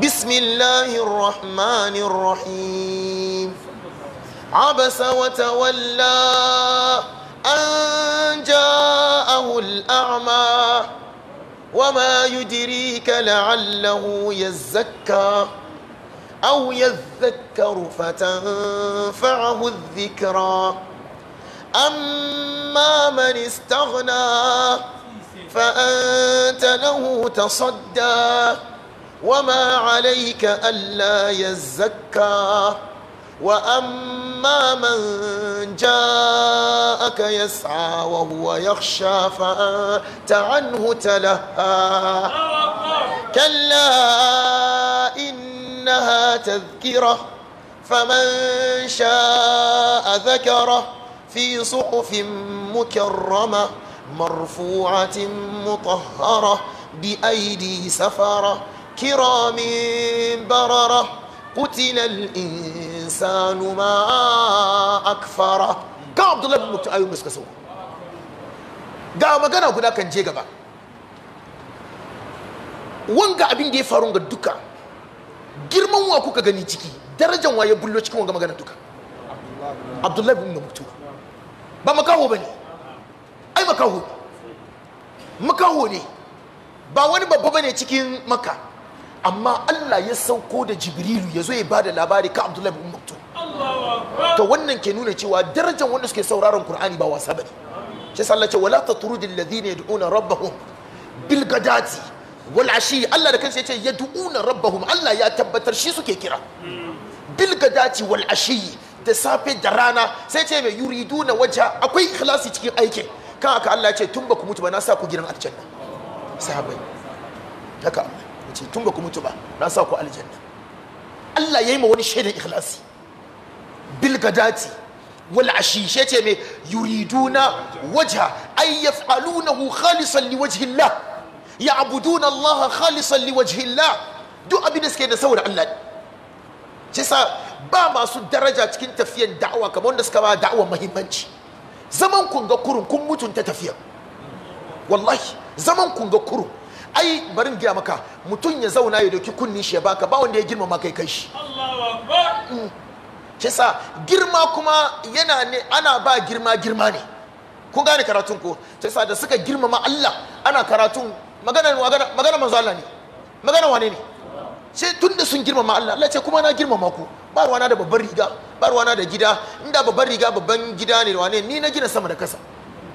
Bismillahir Rahmanir Rahim Abasa wa tawalla an ja'ahu al-a'ma ma yudrika la'allahu يزكى أو يذكر فتنفعه الذكرى أما من استغنى فأنت له تصدى وما عليك ألا يزكى وأما من جاءك يسعى وهو يخشى فأنت عنه تلهى كلا إنها تذكرة فمن شاء ذكره في صحف مكرمة مرفوعة مطهرة بأيدي سفرة كرام بررة قتل الإنسان ما أكفره ga abdullahi bin muktu ayyun da suka sauko ga magana guda kan je gaba wanga abin da ya faru ga duka girman wa kuka gani ciki darajan wa ya bullo cikin wanga magana duka abdullahi ibn mutu ba makaho bane ai makaho makaho ne ba wani babba bane cikin makka amma Allah ya sauko da jibrilu ya zo ya bada labari ka abdullahi ibn mutu to wannan ke nuna cewa darajan wanda suke sauraron qur'ani ba wasa bane sai Allah ce wala tatrudil ladina yad'una rabbahum bil gadati wal ashi Allah da kansa ya du'una rabbahum Allah ya tabbatar shi suke kira bil gadati wal ashi da safe da rana sai ce mai yuriduna waja akwai ikhlasi cikin aikin kan haka Allah ce tun ba mutu ba na sa ku gidan aljanna sahabai haka Allah ya ce tun ba mutu ba na sa ku Allah ya yi ma wani shaidan ikhlasi bil gadati wal ashi shi ce mai yuriduna waja ay yaf'alunahu khalisan Ya ya'buduna Allah khalisan Allah duk abin da suke da saboda Allah shi sa ba masu daraja cikin tafiyan da'awa kamar wanda suka ba da'awa muhimmanci zaman kun ga kurun kun mutunta tafiyar wallahi zaman kun ga kurun ai barin gaya maka mutum ya zauna ya doki kunni shi ya baka ba wanda ya girmama kai kai shi mm. shi sa girma kuma yana ne ana ba girma girma ne kun gane karatun ko shi da suka girmama Allah ana karatun magana magana magana manzo Allah ne magana wane ne sai tunda sun girmama Allah Allah ce kuma na girmama ku ba ruwana da babban riga ba ruwana da gida inda babban riga babban gida ne wane ni na gina sama da kasa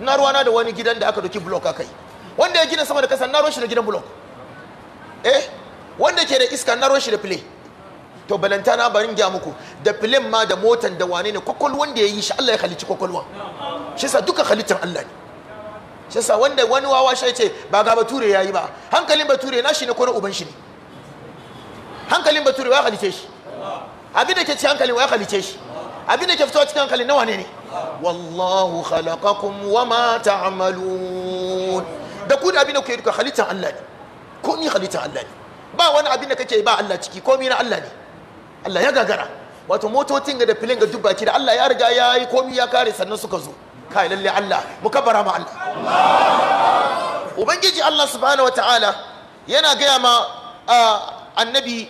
na ruwana da wani gidan da aka doki block akai wanda ya gina sama da kasa na roshi shi da gidan block eh wanda ke da iska na roshi shi da play to balanta na barin gya muku da filin ma da motan da wane ne kwakwalwan da ya yi shi Allah ya halicci kwakwalwan shi sa duka halittar Allah ne shi wanda wani wawa shi ce ba ga bature yayi ba hankalin bature na shi ne ko na uban shi ne hankalin bature wa halice shi abin da ke ci hankalin wa halice shi abin da ke fitowa cikin hankalin na wane ne wallahu khalaqakum wa ma ta'malun da ku da abin da yi duka halittar Allah ne ko ni halittar Allah ne ba wani abin da kake ba Allah ciki komi na Allah ne Allah ya gagara wato motocin ga da filin ga dubbaki da Allah ya riga ya yi komi ya kare sannan suka zo kai lalle Allah mu kabbara ma Allah ubangiji Allah subhanahu wataala yana gaya ma annabi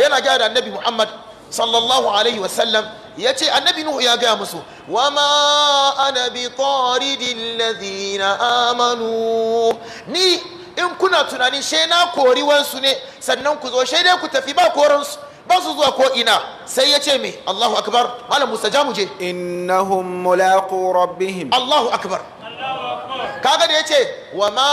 yana gaya da annabi Muhammad sallallahu alaihi wasallam ya annabi nuhu ya gaya musu wa ma ana bi taridin lazina amanu ni in kuna tunanin shai na kori wansu ne sannan ku zo shai dai ku tafi ba koransu ba su zuwa ko ina sai ya ce me Allahu akbar malam Musa ja mu je innahum mulaqu rabbihim Allahu akbar kaga da yace wa ma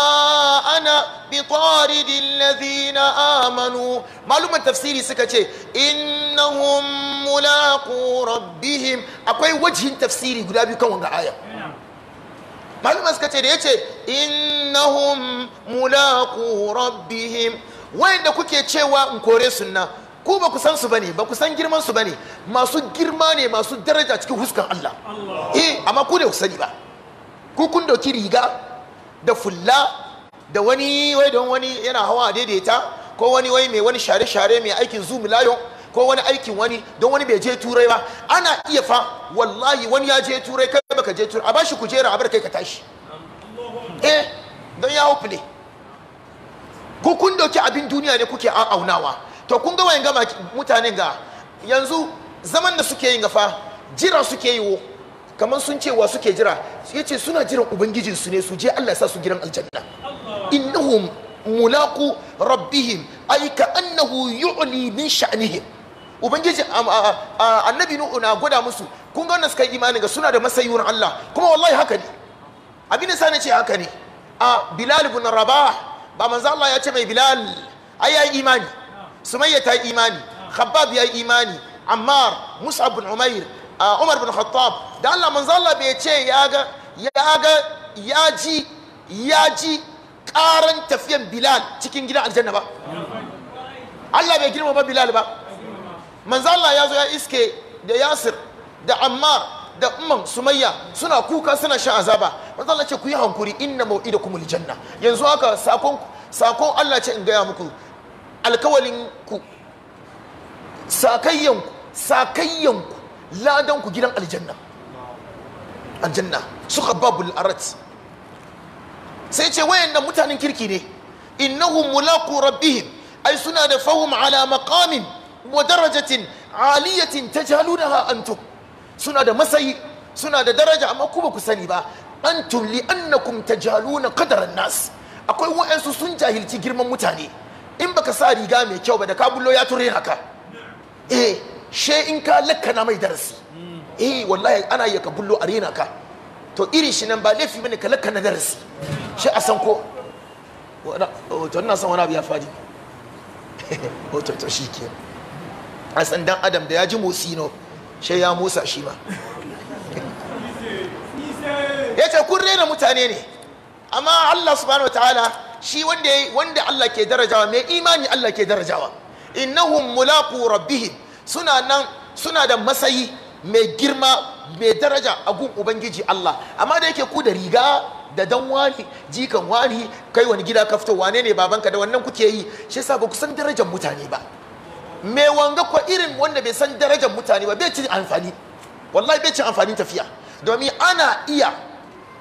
ana bi taridil ladina amanu malumin tafsiri suka ce innahum mulaqu rabbihim akwai wajihin tafsiri guda biyu kan wanga aya maluma suka ce da yace innahum mulaqu rabbihim wanda kuke cewa in kore sunna ku ba ku san su bane ba ku san girman su bane masu girma ne masu daraja cikin huskan Allah eh amma ku da ku sani ba ku kun doki riga da fulla da wani wai don wani yana hawa daidaita ko wani wai mai wani share-share mai aikin zoom layon ko wani aikin wani don wani bai je turai ba ana iya fa wallahi wani ya je turai kai baka je turai a bashi kujera a bar kai ka tashi eh don ya ne. ku kun doki abin duniya ne kuke aunawa to kun ga wayan gama mutanen ga yanzu zaman da suke yin gafa jira suke yi wo kamar sun ce wa suke jira ce suna jiran ubangijin su ne su je Allah ya sa su gidan aljanna innahum mulaqu rabbihim ay ka annahu yu'li min sha'nihim ubangiji annabi na gwada musu kun ga wannan suka imani ga suna da masayyun Allah kuma wallahi haka ne abin da sani ce haka ne a bilal ibn rabah ba manzo Allah ya ce mai bilal ayi imani sumayya ta yi imani khabbab ya yi imani ammar mus'ab bin umair umar bin khattab da Allah manzo Allah bai ce ya ga ya ga ya ji ya ji karan tafiyan bilal cikin gidan aljanna ba Allah bai girma ba bilal ba manzo ya zo ya iske da yasir da ammar da umman sumayya suna kuka suna shan azaba manzo Allah ce ku yi hankuri kuma mau'idakumul janna yanzu haka sakon sakon Allah ce in gaya muku Alkawalinku, ku sakayyan ladanku gidan aljanna aljanna suka babu arat sai ce wayannan mutanen kirki ne innahum mulaqu rabbihim ai suna da fahum ala maqamin wa darajatin aliyatin tajhalunaha antum suna da masayi suna da daraja amma ku ba ku sani ba antum li annakum tajhaluna kadaran nas akwai wayansu sun jahilci girman mutane in baka sa riga mai kyau ba da ka bullo ya ture haka eh she in ka lakkana mai darasi eh wallahi ana iya ka bullo a rena ka to iri shi nan ba laifi bane ka lakkana darasi shi a san ko oh, to ina san wani abu ya faɗi o oh, to to shike a san dan adam da ya ji motsi no she ya motsa shi ma yace kun rena mutane ne amma Allah subhanahu wataala shi wanda wanda Allah ke darajawa mai imani Allah ke darajawa innahum mulaqu rabbihim suna nan suna da masayi mai girma mai daraja a gun ubangiji Allah amma da yake ku da riga da dan wani jikan wani kai wani gida ka fito wane ne babanka da wannan kuke yi shi yasa ba ku san darajar mutane ba me wanga ko irin wanda bai san darajar mutane ba bai ci amfani wallahi bai ci amfanin tafiya domin ana iya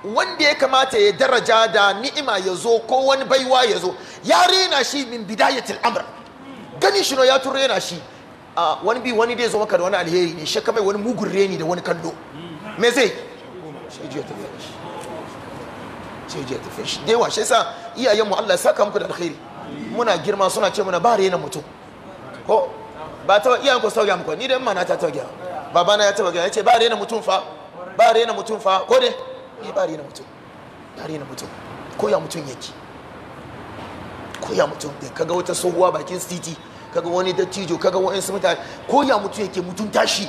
wanda ya kamata ya daraja da ni'ima ya zo ko wani baiwa ya zo ya rena shi min bidayatul amr gani shi no ya tun rena shi wani bi wani dai zo maka da wani alheri ne shi kamar wani mugun reni da wani kallo me zai sai ji ya tafi shi sai ji ya tafi shi dai wa shi sa iyayen mu Allah saka muku da alheri muna girma suna ce muna ba rena mutum ko ba ta iyayen ku sauya muku ni dai mana ta tauya babana ya tauya ya ce ba rena mutum fa ba rena mutum fa ko dai ni eh, ba rena mutum ba rena mutum ko ya mutum yake ko ya mutum da kaga wata tsohuwa bakin city kaga wani dattijo kaga wa'ansu mutane ko ya mutum yake mutum tashi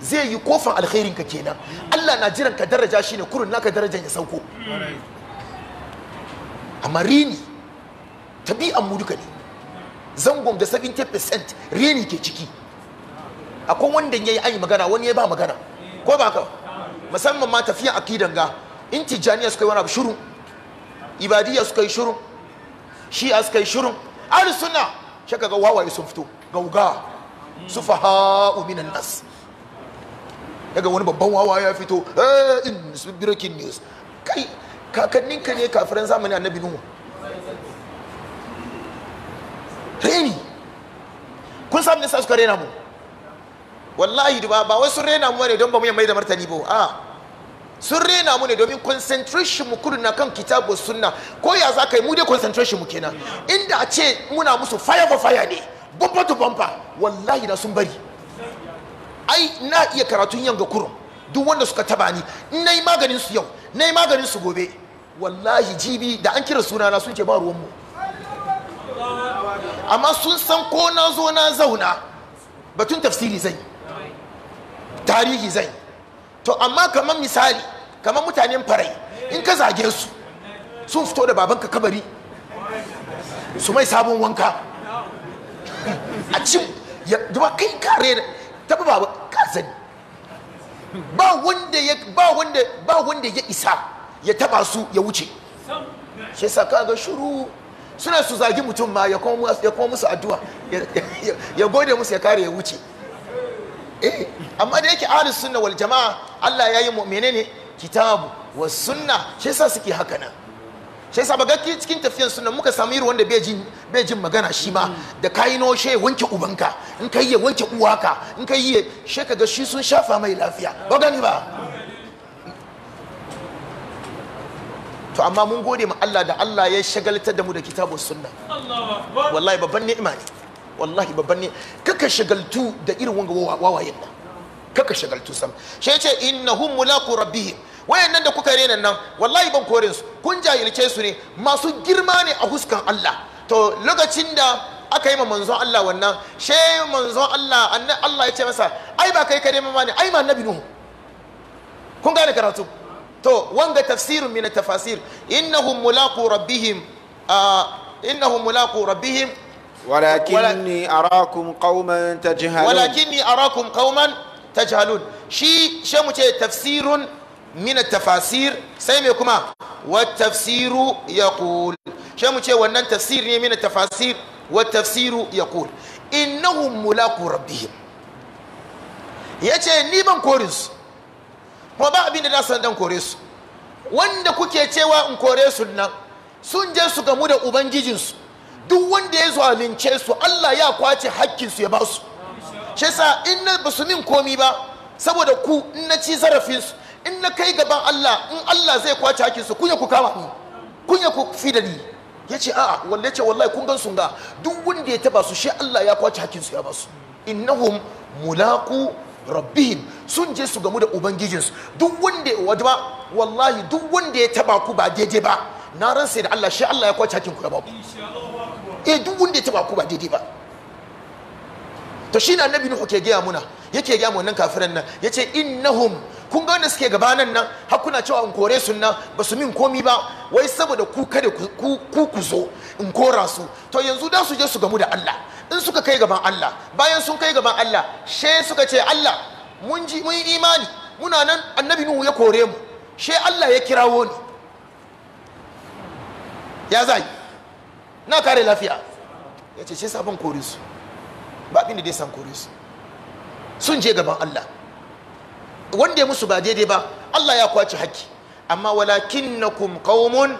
zai yi kofan alkhairin ka kenan Allah na jiran ka daraja shi ne kurun naka darajar ya sauko amma rini tabi'an mu duka ne zangon da 70% reni ke ciki akwai wanda ya yi magana wani ya ba magana ko ba ka musamman ma tafiya akidan ga in tijjaniya suka yi wani abu shiru ibadiyya suka yi shiru shi'a suka yi shuru ahli sunna shi ga wawaye sun fito gauga su faha minan nas daga wani babban wawa ya fito eh in su birkin news kai ka ne kafiran zamani annabi nuhu reni kun samu nisa suka rena mu wallahi ba wasu rena mu ne don ba mu yi mai da martani ba a sun rena mu ne domin concentration mu kudu na kan kitabu sunna ko ya za ka yi mu dai concentration mu kenan inda a ce muna musu fire for fire ne bumper to bumper wallahi na sun bari ai na iya karatun yanga kurum duk wanda suka taba ni na yi maganin su yau na yi maganin su gobe wallahi jibi da an kira suna na sun ce ba ruwan mu amma sun san ko na zo na zauna batun tafsiri zai tarihi zai to amma kaman misali kamar mutanen farai in ka zage su sun fito da babanka kabari su mai sabon wanka a cin ya kai kare taba baba ka ba wanda ya ba wanda ba wanda ya isa ya taba su ya wuce shi saka ga shuru suna su zagi mutum ma ya kuma musu addu'a ya gode musu ya kare ya wuce eh amma da yake ahlus sunna wal jama'a Allah ya yi mu'mine ne kitabu wa sunna shi yasa suke haka nan shi yasa baga cikin tafiyan sunna muka samu iri wanda bai jin bai jin magana shi ma da kai no she wanke ubanka in kai ya wanke uwaka in kai ya she kaga shi sun shafa mai lafiya ba gani ba to amma mun gode ma Allah da Allah ya shagaltar da mu da kitabu sunna wallahi babban ni'ima ne wallahi babban ne kaka shagaltu da irin wanga wawayen nan kaka shagaltu sam shi yace innahum mulaqu rabbihim wayannan da kuka rena nan wallahi ban korin su kun jahilce su ne masu girma ne a huskan Allah to lokacin da aka yi ma manzon Allah wannan she manzon Allah annabi Allah ya ce masa ai ba kai kare ma ne ai ma annabi nuhu kun gane karatu to wanga tafsirun min tafasir innahum mulaqu rabbihim innahum mulaku rabbihim ولكني أراكم قوما تجهلون ولكني أراكم قوما tajhalun shi shi mu ce tafsirun min tafasir sai me kuma wa tafsiru yaqul shi mu ce wannan tafsir ne min tafasir wa tafsiru yaqul innahum mulaku rabbihim yace ni ban kore su kuma ba abin da na san dan kore su wanda kuke cewa in kore su nan sun je su gamu da ubangijinsu duk wanda ya zalunce su Allah ya kwace hakkinsu ya ba su shi yasa in na basu min komi ba saboda ku in na ci zarafin su in na kai gaban Allah in Allah zai kwace hakin su kunya ku kama ni kunya ku fi da ni yace a'a wallahi ce wallahi kun gan sun ga duk wanda ya taba su shi Allah ya kwace hakin su ya basu innahum mulaqu rabbihim sun je su gamu da ubangijinsu duk wanda wadba wallahi duk wanda ya taba ku ba daidai ba na ransa da Allah shi Allah ya kwace hakin ku ya ba ku eh duk wanda ya taba ku ba daidai ba to shine annabi nuhu ke gaya muna yake gaya mu wannan kafiran nan yace innahum kun ga wanda suke gabanan nan har kuna cewa in kore su nan ba su min komi ba wai saboda ku kada ku ku zo in kora su to yanzu da su je su gamu da Allah in suka kai gaban Allah bayan sun kai gaban Allah she suka ce Allah mun ji mun imani muna nan annabi nuhu ya kore mu she Allah ya kirawo ni ya zai na kare lafiya yace shi sabon kore su ba abin da dai san kore su sun je gaban Allah wanda ya musu ba daidai ba Allah ya kwaci haƙƙi amma walakin na kum qaumun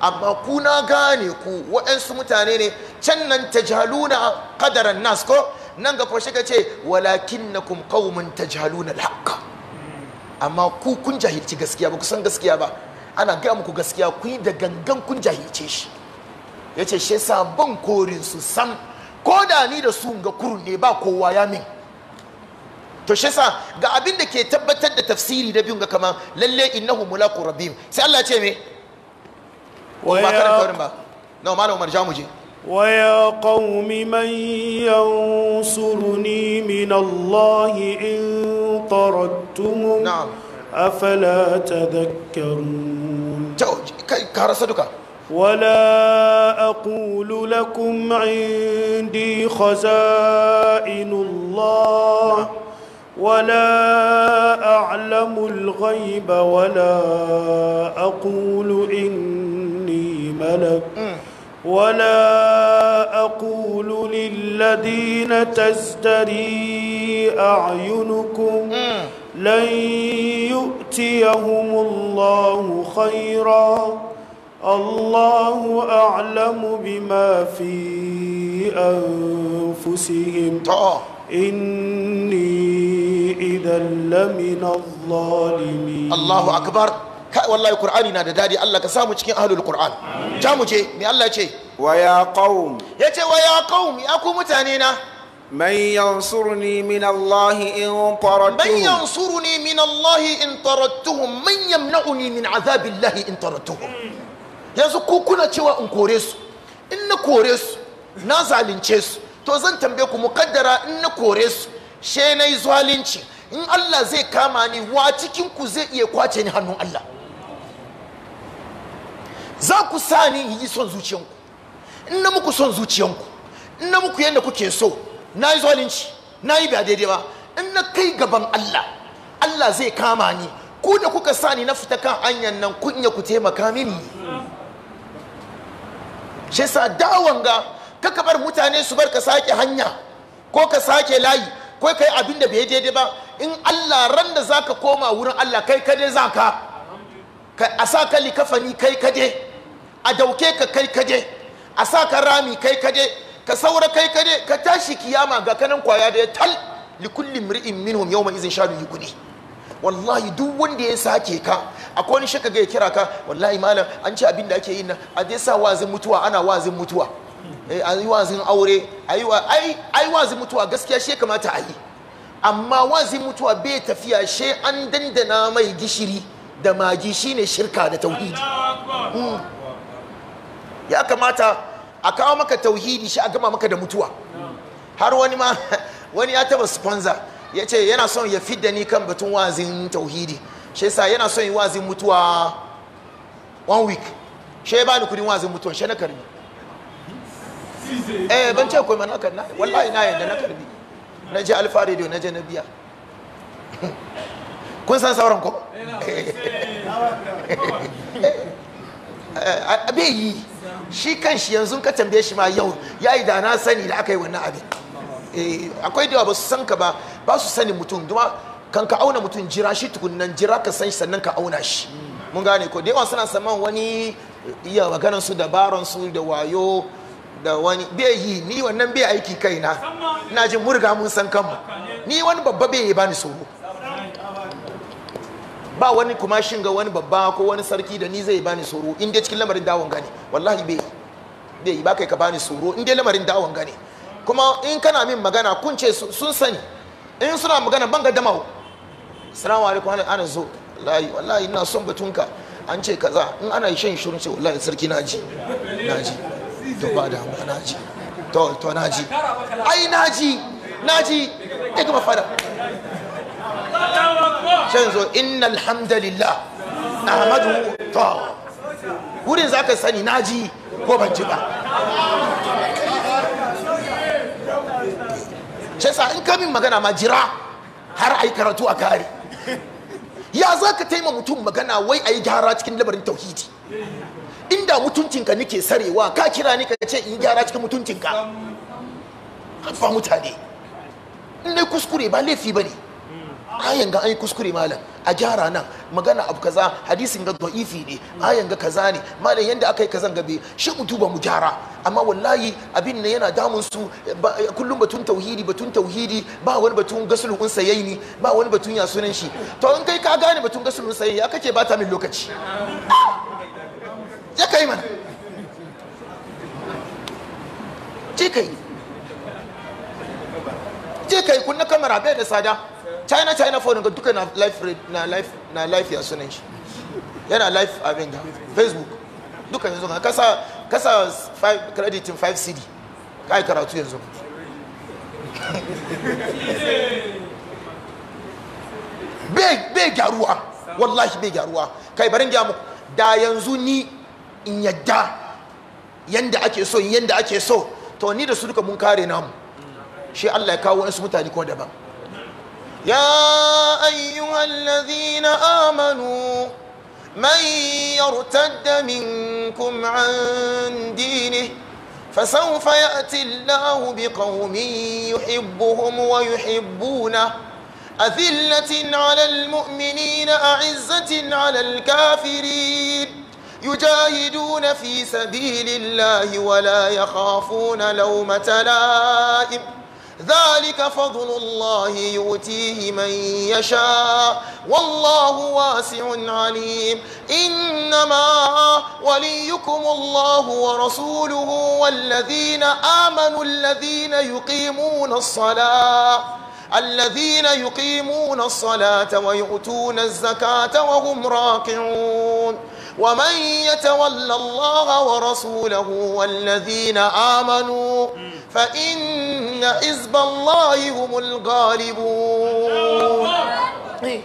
amma ku gane ku waɗansu mutane ne can nan tajhaluna ƙadaran nas ko nan ga kwashe ka ce walakin na kum ta qaumun tajhaluna alhaq hmm. amma ku kun jahilci gaskiya ba ku san gaskiya ba ana gaya muku gaskiya ku yi da gangan kun jahilce shi Ya ce shi sabon ban korin su sam ko da ni da su ga kurun ne ba kowa ya min to shi sa ga abin da ke tabbatar da tafsiri da biyun ga kaman lalle innahu mulaku rabbim sai Allah ce me wa ya karin ba na malam Umar jamuje? mu je ويا قوم من ينصرني من الله إن طردتم نعم أفلا ka rasa duka ولا أقول لكم عندي خزائن الله ولا أعلم الغيب ولا أقول إني ملك ولا أقول للذين تزدري أعينكم لن يؤتيهم الله خيراً الله أعلم بما في أنفسهم إني إذا لمن الظالمين الله أكبر والله القرآن نادى دادي الله كسامو cikin أهل القرآن جامو جي مي الله يجي ويا قوم يجي ويا قوم يا قوم متانينا من ينصرني من الله إن طردتهم من ينصرني من الله إن طردتهم من يمنعني من عذاب الله إن طردتهم yanzu ku kuna cewa in kore su in na kore su na zalunce su to zan tambaye ku mukaddara in na kore su she na yi zalunci in Allah zai kama ni wa cikin ku zai iya kwace ni hannun Allah za ku sa ni yi son zuciyanku in na muku son zuciyanku in na muku yadda kuke so na yi zalunci na yi ba daidai ba in na kai gaban Allah Allah zai kama ni ku da kuka sani ni na fita kan hanyar nan kunya ku taimaka mini shi sa da'awan ga kaka bar mutane su bar ka sake hanya ko ka sake layi ko kai abin da bai daidai ba in Allah ran da zaka koma wurin Allah kai kade zaka kai a sa ka likafani kai kade a dauke ka kai kade a sa ka rami kai kade ka saura kai kade ka tashi kiyama ga kanan kwaya da ya tal likulli mri'in minhum yawma izin shadu kuɗi. wallahi duk wanda ya sake ka akwai wani shaka ga ya kira ka wallahi malam an ci abin da ake yi na a dai sa wazin mutuwa ana wazin mutuwa eh, a yi wazin aure a yi wazin mutuwa gaskiya shi kamata a yi amma wazin mutuwa bai tafiya shi an dandana mai gishiri da magi shine shirka da tauhidi hmm. ya kamata a kawo maka tauhidi shi a gama maka da mutuwa har wani ma wani ya taba sponsor ya ce yana son ya fidda ni kan batun wazin tauhidi shi sa yana son yi wazin mutuwa one week shi ya bani kudin wazin mutuwa shi na karbi eh ban ce kuma na karbi wallahi na yadda na karbi na je alfa radio na je na biya kun san sauran ko abe yi shi kan shi yanzu ka tambaye shi ma yau ya yi da na sani da aka yi wannan abin akwai da ba su san ka ba ba su sani mutum duma kan ka auna mutum jira shi tukunan jira ka san shi sannan ka auna shi mun gane ko da yawan suna saman wani iya maganar su dabaran su da wayo da wani bai yi ni wannan bai aiki kaina na jin murga mun san kanmu ni wani babba bai yi bani tsoro ba wani kuma shin ga wani babba ko wani sarki da ni zai bani tsoro in dai cikin lamarin dawon gane wallahi bai bai ba kai ka bani tsoro in dai lamarin dawon gane kuma in kana min magana kun ce sun sani in suna magana ban ga damahu salamu alaikum ana ana zo wallahi wallahi ina son batunka an ce kaza in ana shan shirin ce wallahi sarki naji naji to ba da naji to to naji ai naji naji ai kuma fada shan zo innal hamdalillah ahmadu to wurin zaka sani naji ko ban ji ba shi yasa in ka min magana ma jira har ai karatu a kare ya za ka taima mutum magana wai a yi gyara cikin labarin tauhidi inda mutuncinka nike sarewa ka kira ni ka ce in gyara cikin mutuncinka fa mutane in dai kuskure ba laifi ba ne ayan ga an yi kuskure malam a gyara nan magana abu kaza hadisin ga da'ifi ne ayan ga kaza ne malam yanda aka yi kazan gabe shi mu duba mu gyara amma wallahi abin ne yana damun su kullum batun tauhidi batun tauhidi ba wani batun gasul unsayaini ba wani batun ya sunan shi to in kai ka gane batun gasul unsayaini aka ce bata min lokaci ya kai mana je kai je kai kunna kamera bai da sada china china phone ga duka na live na life na life ya sunan shi yana life abin da facebook duka yanzu ka kasa kasa five in 5 cd kai karatu yanzu big garuwa wallahi big garuwa kai barin gyamu da yanzu ni in yadda yanda ake so yanda ake so to ni da su duka mun kare namu shi Allah ya kawo wasu mutane ko daban يا أيها الذين آمنوا من يرتد منكم عن دينه فسوف يأتي الله بقوم يحبهم ويحبونه أذلة على المؤمنين أعزة على الكافرين يجاهدون في سبيل الله ولا يخافون لومة لائم ذلك فضل الله يؤتيه من يشاء والله واسع عليم إنما وليكم الله ورسوله والذين آمنوا الذين يقيمون الصلاة الذين يقيمون الصلاة ويؤتون الزكاة وهم راكعون ومن يتولى الله ورسوله والذين آمنوا فإن حزب الله هم الغالبون wani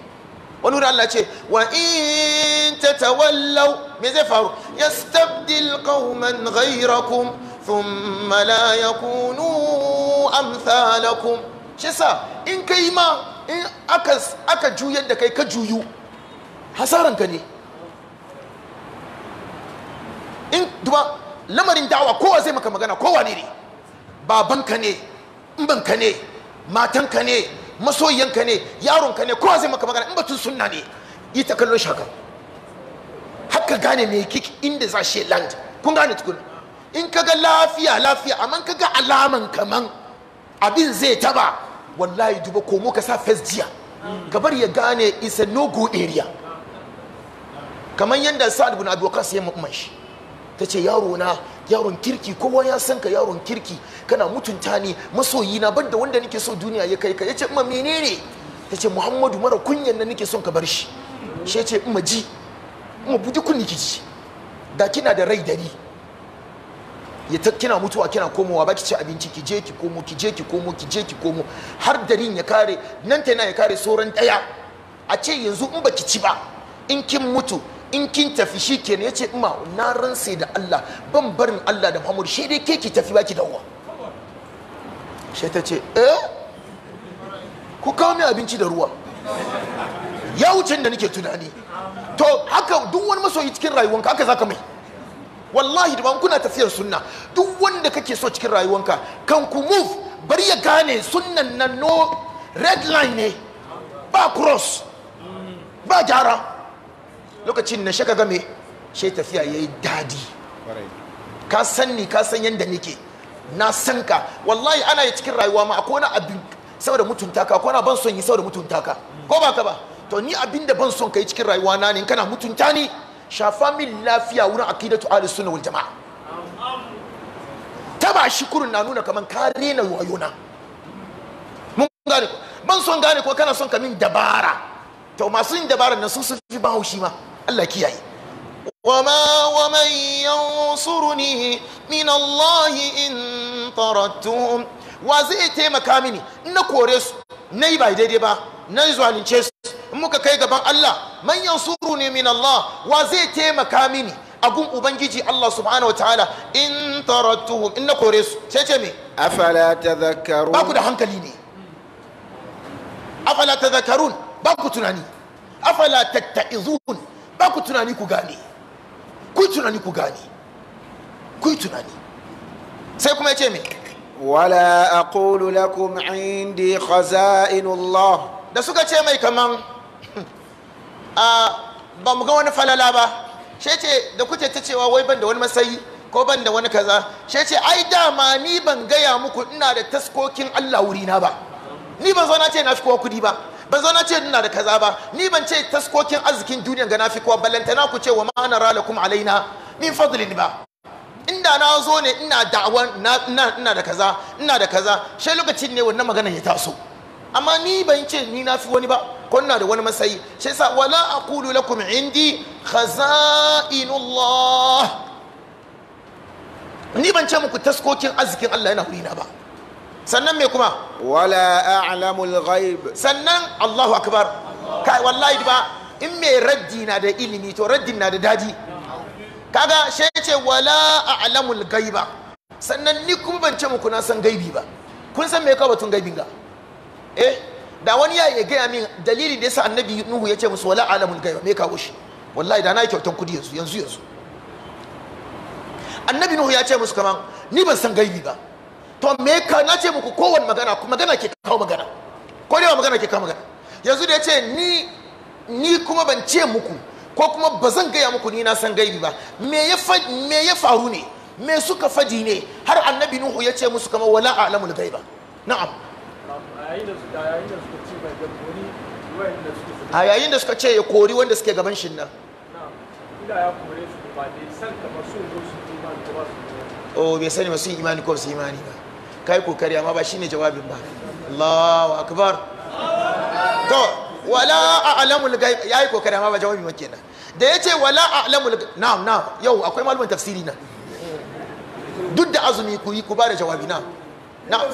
wurin Allah ce wa in ta tawallau me zai faru ya stabdil kauman ghairakum thumma la yakunu amsalakum shi sa in kai ma in aka aka juyar da kai ka juyu hasaran ka ne in duba lamarin da'awa kowa zai maka magana kowa ne ne babanka ne ka ne matanka ne masoyiyanka ne yaronka ne kowa zai maka magana in batun sunna ne yi ta kallon shakar haka gane mai kik inda za shi land kun gane tukun in ka ga lafiya lafiya amma ka ga alaman kaman abin zai taba wallahi duba komo ka sa first jiya gabar ya gane isa no go area kamar yadda sa'ad bin abi waqas ya mu'min shi tace yaro na yaron kirki kowa ya san ka yaron kirki kana mutunta ni masoyi na banda wanda nake so duniya ya kai ka yace ma menene yace Muhammadu mara kunyan nan nake son ka bar shi shi yace ma ji ma buji kunni ki da kina da rai dari ya ta kina mutuwa kina komowa baki ci abinci ki je ki komo ki je ki komo ki je ki komo har darin ya kare nan ta ya kare sauran daya a ce yanzu in baki ci ba in kin mutu in kin tafi shi ke ya ce ma na ransa da Allah ban barin Allah da Muhammadu shi dai ke ki tafi baki dawowa shi ta ce eh ku kawo min abinci da ruwa ya wuce da nake tunani to haka duk wani masoyi cikin rayuwanka haka zaka mai wallahi da kuna tafiyar sunna duk wanda kake so cikin rayuwanka kan ku move bar ya gane sunnan nan no red line ne ba cross ba gyara lokacin na shaka game shi tafiya ya yi dadi ka san ni ka san yadda nake na san ka wallahi ana yi cikin rayuwa ma akwai wani abin saboda mutunta ka akwai na ban son yi saboda mutunta ka ko ba ka ba to ni abin da ban son ka yi cikin rayuwa na ne kana mutunta ni shafa min lafiya wurin aqidatu ahlus sunna wal jamaa taba shi kurun na nuna kaman ka rena wayona mun gane ban son gane ko kana son ka min dabara to masu yin dabaran nan sun fi ba haushi ma Allah kiyaye وما ومن ينصرني من الله إن Wa zai taimaka mini na kore su na yi ba daidai ba na zalunce su in muka kai gaban Allah man yansuru ne min Allah wa zai taimaka mini a gun ubangiji Allah subhanahu wa ta'ala in tarattuhum in na kore su sai ce me afala tadhakkarun ba ku da hankali ne afala tadhakkarun ba ku tunani afala tattaizun ba ku tunani ku gane ku tunani ku gane ku tunani sai kuma ya ce wala aqulu lakum indi khaza'inullah da suka ce mai kaman hmm, a ba mu ga wani falala ba she ce da kuke ta cewa wai ban da wani masayi ko ban da wani kaza she ce ai dama ni ban gaya muku ina da taskokin Allah wurina ba ni ban zo na ce na fi kowa kudi ba ban zo na ce ina da kaza ba ni ban ce taskokin arzikin duniya ga nafi kowa ballantana ku ce wa ma'ana kuma alaina min fadlin ba inda na zo ne ina da'awa ina da kaza ina da kaza sai lokacin ne wannan magana ya taso amma ni ban ce ni na fi wani ba ko ina da wani masayi Sai yasa wala aqulu lakum indi khaza'inullah ni ban ce muku taskokin arzikin Allah yana wurina ba sannan mai kuma wala a'lamul ghaib sannan Allahu akbar kai wallahi ba in me raddi na da ilimi to raddin na da dadi kaga shi yace wala a'lamul ghaiba sannan ni kuma ban ce muku na san gaibi ba kun san me ka batun gaibin ga eh da wani ya gaya min dalili da yasa annabi nuhu ya ce musu wala a'lamul ghaiba me kawo shi wallahi da na yi kyautan kudi yanzu yanzu yanzu annabi nuhu ya ce musu kaman ni ban san gaibi ba to me ka na ce muku kowane magana kuma magana ke kawo magana ko dai magana ke kawo magana yanzu da ya ce ni ni kuma ban ce muku ko kuma ba zan gaya muku ni na san gaibi ba me ya me ya faru ne me suka fadi ne har annabi nuhu ya ce musu kama wala alamul gaiba na'am a yayin da suka ce ya kori wanda suke gaban shi nan o oh, bai sani masu imani ko su imani ba kai kokari amma ba shine jawabin ba Allahu akbar to wala a'lamul ghaib yayi kokari amma ba jawabin wake da. da yace wala a'lamul na'am na'am yau akwai malumin tafsiri na duk da azumi ku yi ku ba da jawabi na na'am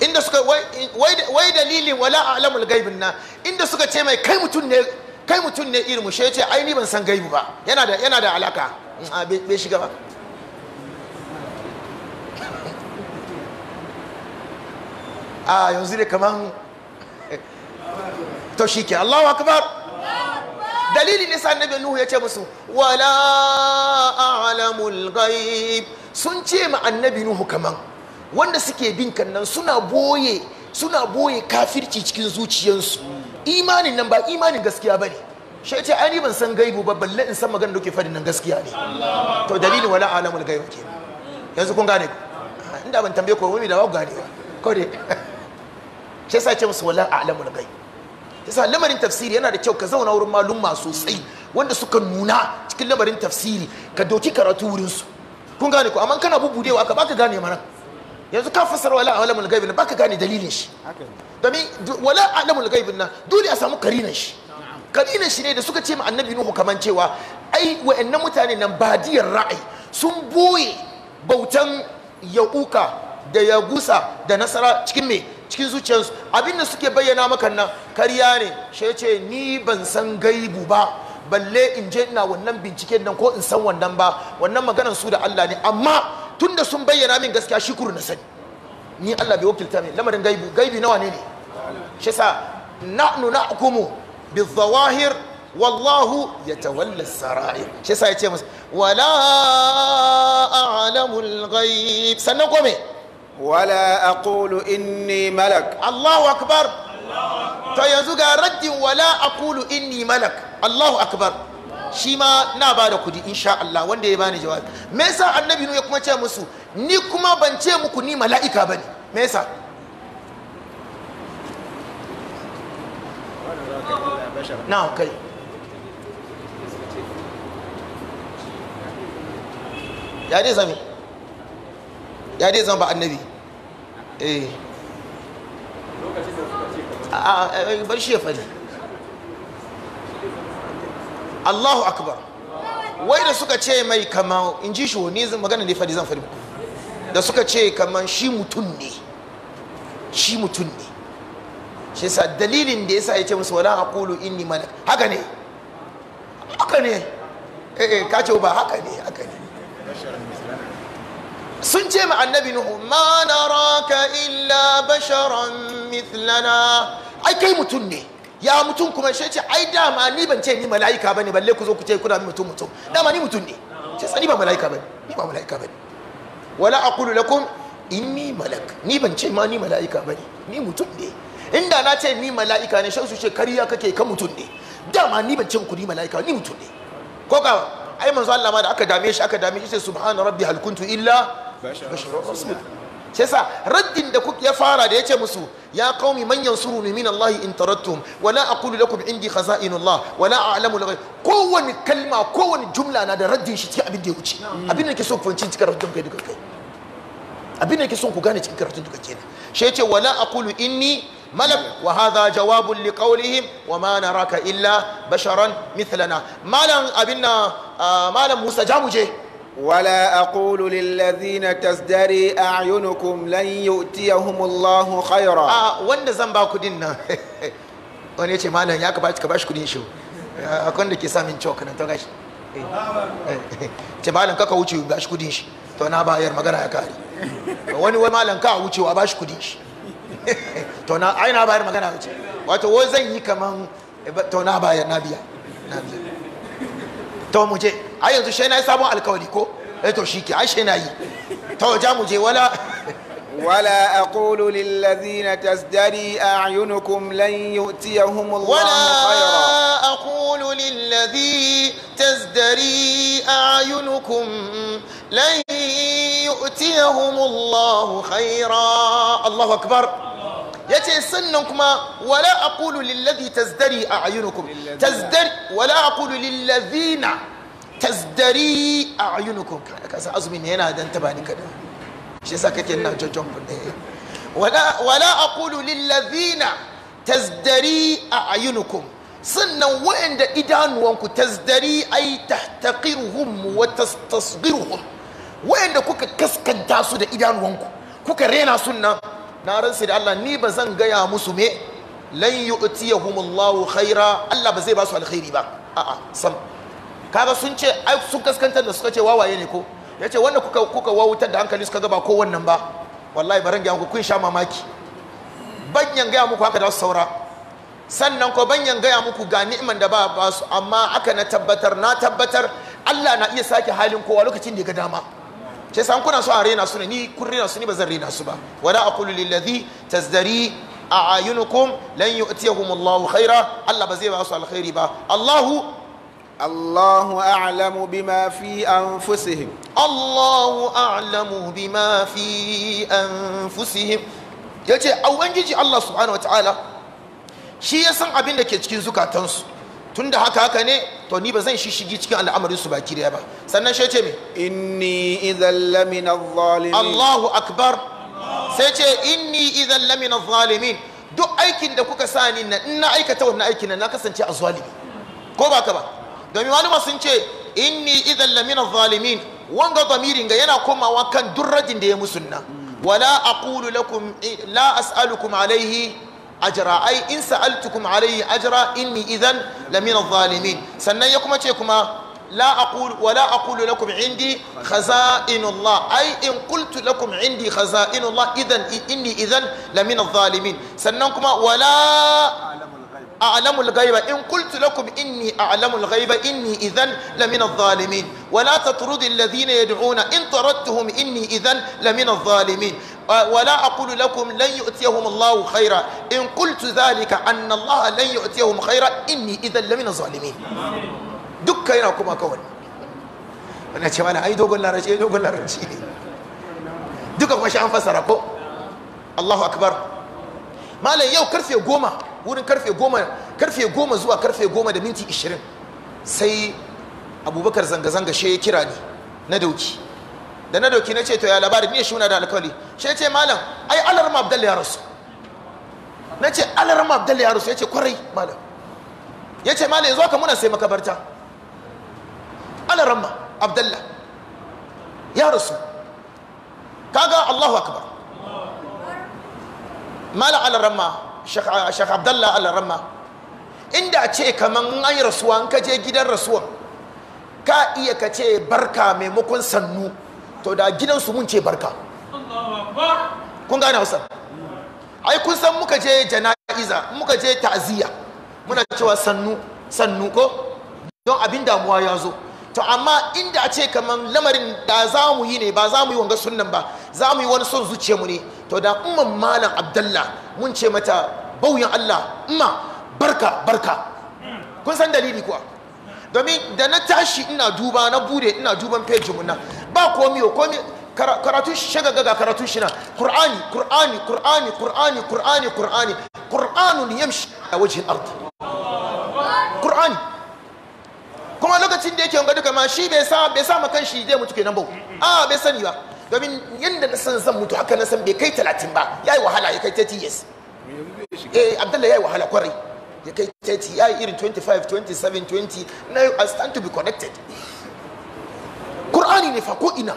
inda suka wai dalilin wala a'lamul ghaib na inda suka ce mai kai mutum ne kai mutum ne irin mu shi yace ai ni ban san gaibu ba yana da yana da alaka mm, a ah, be shiga ba a yanzu ne kaman to shi ke allahu akbar dalilin nisa annabi nuhu ya ce musu wala a'lamul ghaib sun ce ma annabi nuhu kaman wanda suke bin kan nan suna boye suna boye kafirci cikin zuciyansu imanin nan ba imanin gaskiya ba ne shi ce ai ban san gaibu ba balle in san magana da kuke faɗin nan gaskiya ne to dalilin wala alamul ga'ib ke yanzu kun gane inda ban tambaye ko wani da ba gane ba dai. shi yasa ce musu wallahi a'lamul ghaib yasa lamarin tafsiri yana da kyau ka zauna wurin malumma sosai wanda suka nuna cikin lamarin tafsiri ka doki karatu wurin su kun gane ko amma kana bubudewa ka baka gane mana yanzu ka fasar wala a'lamul ghaib baka gane dalilin shi domin wala a'lamul ghaib nan dole a samu karinan shi karinan shi ne da suka ce ma annabi nuhu kaman cewa ai wa'annan mutane nan badiyar ra'ayi sun boye bautan ya'uka da ya gusa da nasara cikin me cikin zuciyarsu abinda suke bayyana maka nan karya ne shi ce ni ban san gaibu ba balle in je ina wannan binciken nan ko in san wannan ba wannan maganar su da Allah ne amma tunda sun bayyana min gaskiya shi kuru na sani ni Allah bai wakilta ne lamarin gaibu gaibi nawa ne ne shi sa na'nu na'kumu bizawahir sa يتولى السرائر شي سايتي ولا Sannan ko me. wala aqulu inni malak Allahu akbar to yanzu ga raddin wala aqulu inni malak Allahu akbar shi ma na ba da kudi insha Allah wanda ya bani jawabi me yasa annabi ya kuma ce musu ni kuma ban ce muku ni mala'ika bane me yasa na kai ya dai zami ya dai zama ba annabi eh a eh, bar shi ya fari Allahu akbar wai da suka ce mai kama in ji shi wani magana da ya fari zan fari da suka ce kaman shi mutum ne shi mutum ne shi sa dalilin da yasa ya ce musu wala aqulu inni malak haka ne haka ne eh eh ka ce ba haka ne haka ne sun ce ma annabi nuhu ma naraka illa basharan mithlana ai kai mutum ne ya mutum kuma shi ce ai dama ni ban ce ni mala'ika bane balle ku zo ku ce kuna mutum mutum dama ni mutum ne ce sani ba mala'ika bane ni ba mala'ika bane wala aqulu lakum inni malak ni ban ce ma ni mala'ika bane ni mutum ne inda na ce ni mala'ika ne shan su ce kariya kake ka mutum ne dama ni ban ce ku ni mala'ika ni mutum ne ko ka ai manzo Allah ma da aka dame shi aka dame shi sai subhana rabbi hal kuntu illa basharun rasul shi sa raddin da ya fara da ya ce musu ya qaumi man yansuruni min Allah in tarattum wa la aqulu lakum indi khaza'inullah wa la a'lamu laghaib kowani kalma kowani jumla na da raddin shi cikin abin da ya wuce abin da ke so ku fahimci cikin raddin kai duka kai abin da ke so ku gane cikin karatun duka kenan shi ya ce wa la aqulu inni malak wa hadha jawabun li qawlihim wa ma naraka illa basharan mithlana malam abin ah, malam Musa jamuje ولا أقول للذين تزدري أعينكم لن يؤتيهم الله خيرا آه زنبا كدنا wani ya ce malam ya bashi kudin shi ah, akwai da ke samin cok nan to gashi eh, ce malam kaka wuce bashi kudin shi to na bayar magana ya kare wani wai malam ka wucewa bashi kudin shi to na ai na bayar magana wuce wato wai zan yi kaman eh, to mu je yanzu shi na yi sabon alkawari ko eh to shi ke ai shi na yi to ja mu je wala wala aqulu lil ladina tasdari a'yunukum lan yu'tiyahum Allah wala aqulu lil ladhi tasdari a'yunukum lan yu'tiyahum Allah khaira Allahu akbar ya ce sannan kuma wala a kulu lillazi tazdari a ayyunukum tazdari wala aqulu na tazdari a ayyunukum kasa azumi ne yana dan taba ni kada shi sa kake na jojjon bunda wala kulu aqulu na tazdari a ayyunukum sannan wa'anda idanuwanku tazdari ai tahtaqiruhum wa tastasghiruhum wa'anda kuka kaskanta su da idanuwanku kuka rena sunna na ransu da Allah ni ba zan gaya musu me lan yu'tiyahumullahu khaira Allah ba zai ba su alkhairi ba a'a sam kaga sun ce ai sun kaskantar da suka ce wawaye ne ko yace wannan kuka kuka wawutar da hankali suka ga ba ko wannan ba wallahi baran ga ku kun sha mamaki banyan gaya muku haka da su saura sannan ko banyan gaya muku ga ni'man da ba ba su amma aka na tabbatar na tabbatar Allah na iya sake halin kowa lokacin da ya ga dama shi san kuna so a rena su ne ni kun rena su ne ba zan rena su ba wala aqulu lil ladhi tazdari a'yunukum lan yu'tiyahum Allahu khaira Allah ba zai ba su alkhairi ba Allahu Allahu a'lamu bima fi anfusihim Allahu a'lamu bima fi anfusihim yace a ubangiji Allah subhanahu wataala shi ya san abin da ke cikin zukatansu tun da haka haka ne to ni ba zan shishigi cikin al'amarin su baki daya ba sannan shi ce me inni idan lamina zalimin Allahu akbar sai ce inni idan lamina zalimin duk aikin da kuka sa ni na ina aikata wannan aikin na kasance a zalimi ko ba ka ba domin malama sun ce inni idan lamina zalimin wanga zamirin ga yana komawa kan durrajin da ya musunna wala aqulu lakum eh, la as'alukum alaihi ajira ai in sa'altukum alayhi ajira inni idan lamina zalimin sannan ya kuma ce kuma wala a wa la aqulu lakum indi khaza'inullah ai in kultu lakum indi khaza'inullah idan inni idan lamina zalimin sannan kuma wa أعلم الغيب إن قلت لكم إني أعلم الغيب إني إذا لمن الظالمين ولا تطرد الذين يدعون إن طردتهم إني إذا لمن الظالمين ولا أقول لكم لن يؤتيهم الله خيرا إن قلت ذلك أن الله لن يؤتيهم خيرا إني إذا لمن الظالمين دك هنا كما كون أنا شمال أي دوغل لارجي أي دوغل لارجي دك ما شاء الله الله أكبر malam yau karfe goma wurin karfe goma karfe goma zuwa karfe goma da minti ishirin sai abubakar zanga-zanga shi ya kira ni na dauki da na dauki na ce to ya labari ne shuna da alkawali shi ce malam ai alarma abdal ya rasu na ce alarma abdal ya rasu ya ce kwarai malam ya ce malam yanzu ka muna sai makabarta alarma abdalla ya rasu kaga allahu akbar malam alarma shekh ah, abdullah al-ramma inda ce kaman an yi rasuwa an ka gidan rasuwa ka iya ka ce barka maimakon sannu to da gidansu mun ce barka kun gane hausa ai kun san muka je jana'iza muka je ta'ziya muna cewa sannu sannu ko don abin damuwa ya zo to amma inda ce kaman lamarin da za mu yi ne ba za mu yi wanga sunan ba za mu yi wani son mu ne to da umman malam abdallah mun ce mata bauyin Allah ma barka barka kun san dalili kuwa domin da na tashi ina duba na bude ina duban page mun nan ba komi komi karatu shagagaga karatu shi na qur'ani qur'ani qur'ani qur'ani qur'ani qur'ani qur'anun yamshi a wajhin ard qur'ani kuma lokacin da yake ga duka ma shi bai sa bai sa makan shi zai mutu kenan ba. a ah, bai sani ba domin yadda na san zan mutu haka na san bai kai talatin ba ya yi wahala ya kai 30 years eh abdullahi ya yi wahala kwarai ya kai 30 ya yi irin 25 27 20 na a stand to be connected Kur'ani ne fa ko ina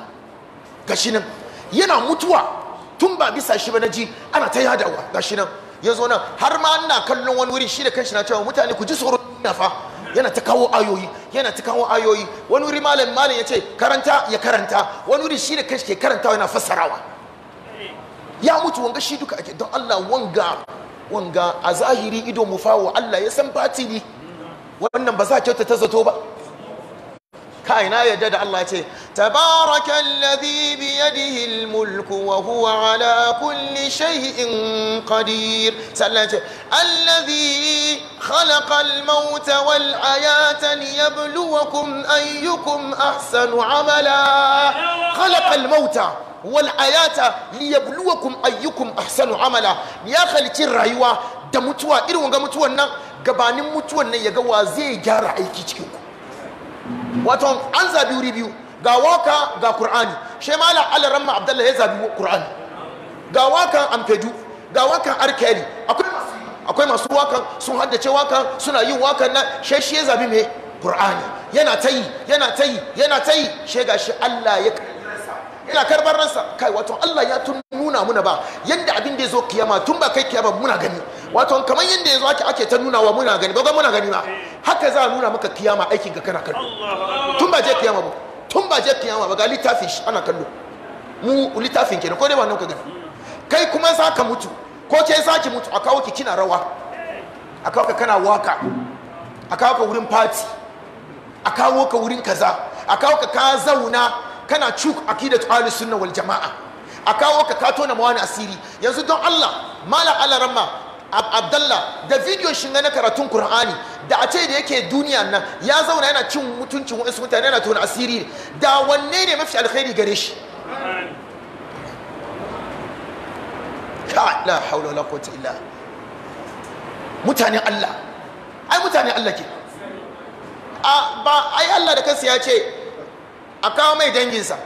gashi nan yana mutuwa tun ba bisa shi ba na ji ana ta yadawa gashi nan ya zo nan har ma ana kallon wani wuri shi da kanshi na cewa mutane ku ji tsoron fa yana ta kawo ayoyi yana ta kawo ayoyi wani wuri malam malam ya ce karanta ya karanta wani wuri shi da kai ke karantawa yana fassarawa ya mutu wanga shi duka ake don Allah wanga wanga a zahiri ido mu fawo Allah ya san batini wannan ba za kyauta ta zato ba kai na yadda da Allah ce tabarakallazi biyadihi almulku wa huwa ala kulli shay'in qadir sallan ce Alladhi khalaqa almauta wal hayata liyabluwakum ayyukum ahsanu amala khalaqa almauta wal'ayata liyabluwakum ayyukum ahsanu amala ya halicci rayuwa da mutuwa irin ga mutuwan nan gabanin mutuwan nan ya ga wa zai gyara aiki cikin ku Waton an zabi wuri biyu ga waka ga qur'ani shi malam ramma abdullahi ya zabi ƙur'ani. ga wakan amfedu ga wakan arkeli akwai akwai masu wakan sun haddace wakan suna yin wakan na shi shi ya zabi mai ƙur'ani. yana ta yi yana ta yi yana ta yi shi ga shi Allah ya yana karbar ransa kai wato Allah ya tun nuna muna ba yadda abin da ya zo kiyama tun ba kai kiyama muna gani wato kamar yadda yanzu ake ake ta nuna wa muna gani ba muna gani ba haka za a nuna maka kiyama aikin ga kana kallo tun ba je kiyama ba tun ba je kiyama ba ga shi ana kallo mu littafin kenan ko dai wannan ka gani kai kuma za ka mutu ko ke za ki mutu a kawo ki kina rawa a kawo ka kana waka a kawo ka wurin fati a kawo ka wurin kaza a kawo ka ka zauna kana cuk akidatu ahli sunna wal jamaa a kawo ka ka tona mawani asiri yanzu don Allah mala ramma. abdallah da bidiyo shi na karatun qur'ani da a ce da yake duniya nan ya zauna yana cin mutuncin wasu mutane yana tona asiri da wanne ne mafi alkhairi gare shi la haula wala quwwata illa mutanen Allah ai mutanen Allah ke a ba ai Allah da kansa ya ce a kawo mai danginsa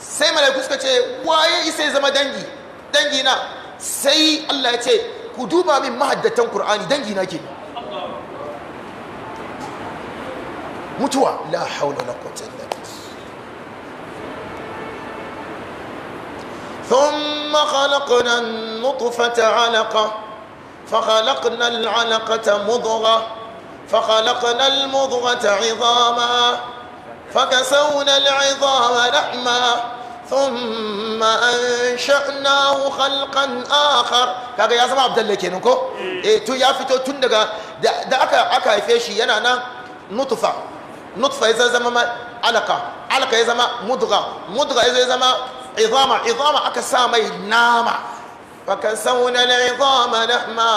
sai malaiku suka ce waye isa zama dangi dangi na sai Allah ya ce كدوبا من مهد دتان قرآني دنجي ناكي متوى لا حول ولا قوة إلا بالله ثم خلقنا النطفة علقة فخلقنا العلقة مضغة فخلقنا المضغة عظاما فكسونا العظام لحما ثم ansha'nahu khalqan akhar kaga ya zama abdalla kenan ko eh ya fito tun daga da aka aka haife shi yana na nutfa nutfa ya zama alaka alaka ya zama mudgha mudgha ya zama izama izama aka sa mai nama فكسونا العظام لحما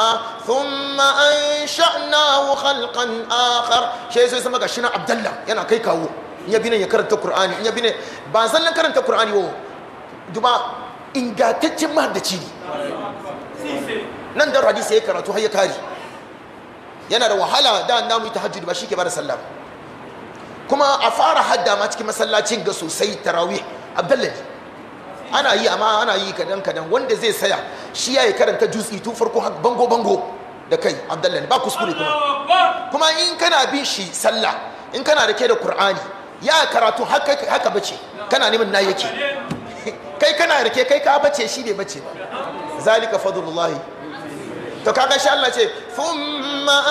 ثم أنشأناه خلقا آخر شيء يسمى شنا عبد الله ينا كيكاو in ya bi ya karanta Qur'ani in ya bi nan ba zallan karanta Qur'ani ba duba ingataccen mahaddaci ne nan da hadisi ya karatu har ya kare yana da wahala da namu tahajjud ba shi ke bada sallah kuma a fara hadda ma cikin masallacin ga sosai tarawih abdullahi ana yi amma ana yi kadan kadan wanda zai saya shi ya yi karanta juz'i tun farko bango bango da kai abdullahi ba kuskure kuma kuma in kana bin shi sallah in kana da ke da qur'ani ya karatu haka bace kana neman na yake kai kana rike kai ka bace shi bai bace ba zalika fadlullahi to kaga sha Allah ce thumma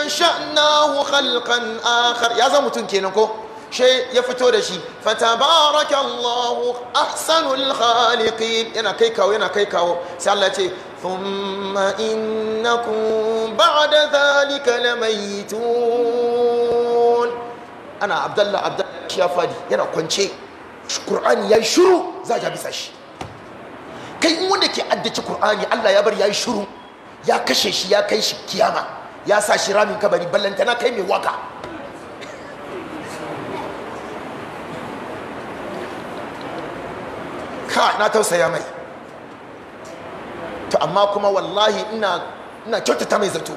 ansha'nahu khalqan akhar ya zan mutum kenan ko she ya fito da shi fatabarakallahu ahsanul khaliqin yana kai kawo yana kai kawo sai Allah ce thumma innakum ba'da dhalika lamaytun ana abdallah abdallah shi ya fadi yana kwance qur'ani yayi shiru za a ja bisa shi kai in wanda ke addace qur'ani Allah ya bar yayi shiru ya kashe shi ya kai shi kiyama ya sa shi ramin kabari na kai mai waka ka na tausaya mai to amma kuma wallahi ina ina kyautata mai zato